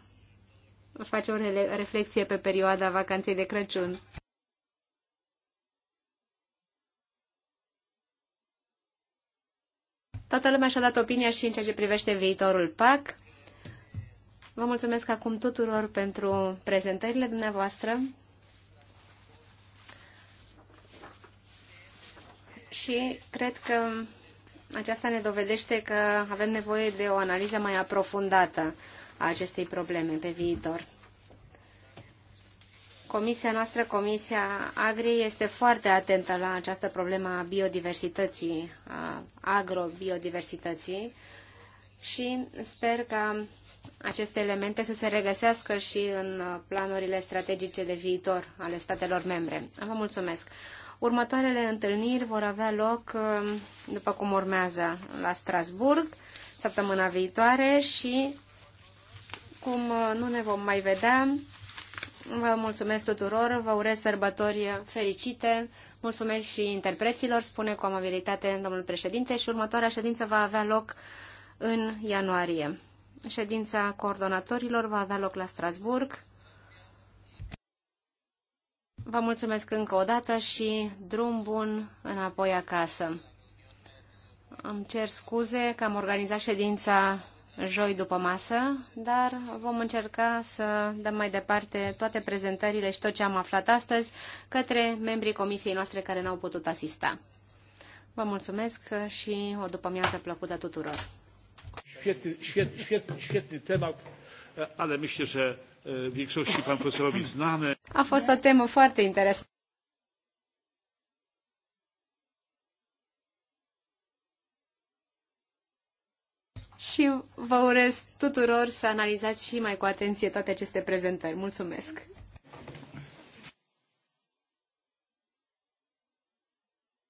face o reflexie pe perioada vacanței de Crăciun. Toată lumea și-a dat opinia și în ceea ce privește viitorul PAC. Vă mulțumesc acum tuturor pentru prezentările dumneavoastră. Și cred că aceasta ne dovedește că avem nevoie de o analiză mai aprofundată a acestei probleme pe viitor. Comisia noastră, Comisia Agri, este foarte atentă la această problemă a biodiversității, a agrobiodiversității și sper că aceste elemente să se regăsească și în planurile strategice de viitor ale statelor membre. Vă mulțumesc! Următoarele întâlniri vor avea loc, um, după cum urmează, la Strasburg, săptămâna viitoare și, cum uh, nu ne vom mai vedea, Vă mulțumesc tuturor, vă urez sărbători fericite, mulțumesc și interpreților, spune cu amabilitate domnul președinte și următoarea ședință va avea loc în ianuarie. Ședința coordonatorilor va avea loc la Strasburg. Vă mulțumesc încă o dată și drum bun înapoi acasă. Îmi cer scuze că am organizat ședința joi după masă, dar vom încerca să dăm mai departe toate prezentările și tot ce am aflat astăzi către membrii comisiei noastre care n-au putut asista. Vă mulțumesc și o după-amiază plăcută tuturor. A fost o temă foarte interesantă. și vă urez tuturor să analizați și mai cu atenție toate aceste prezentări. Mulțumesc!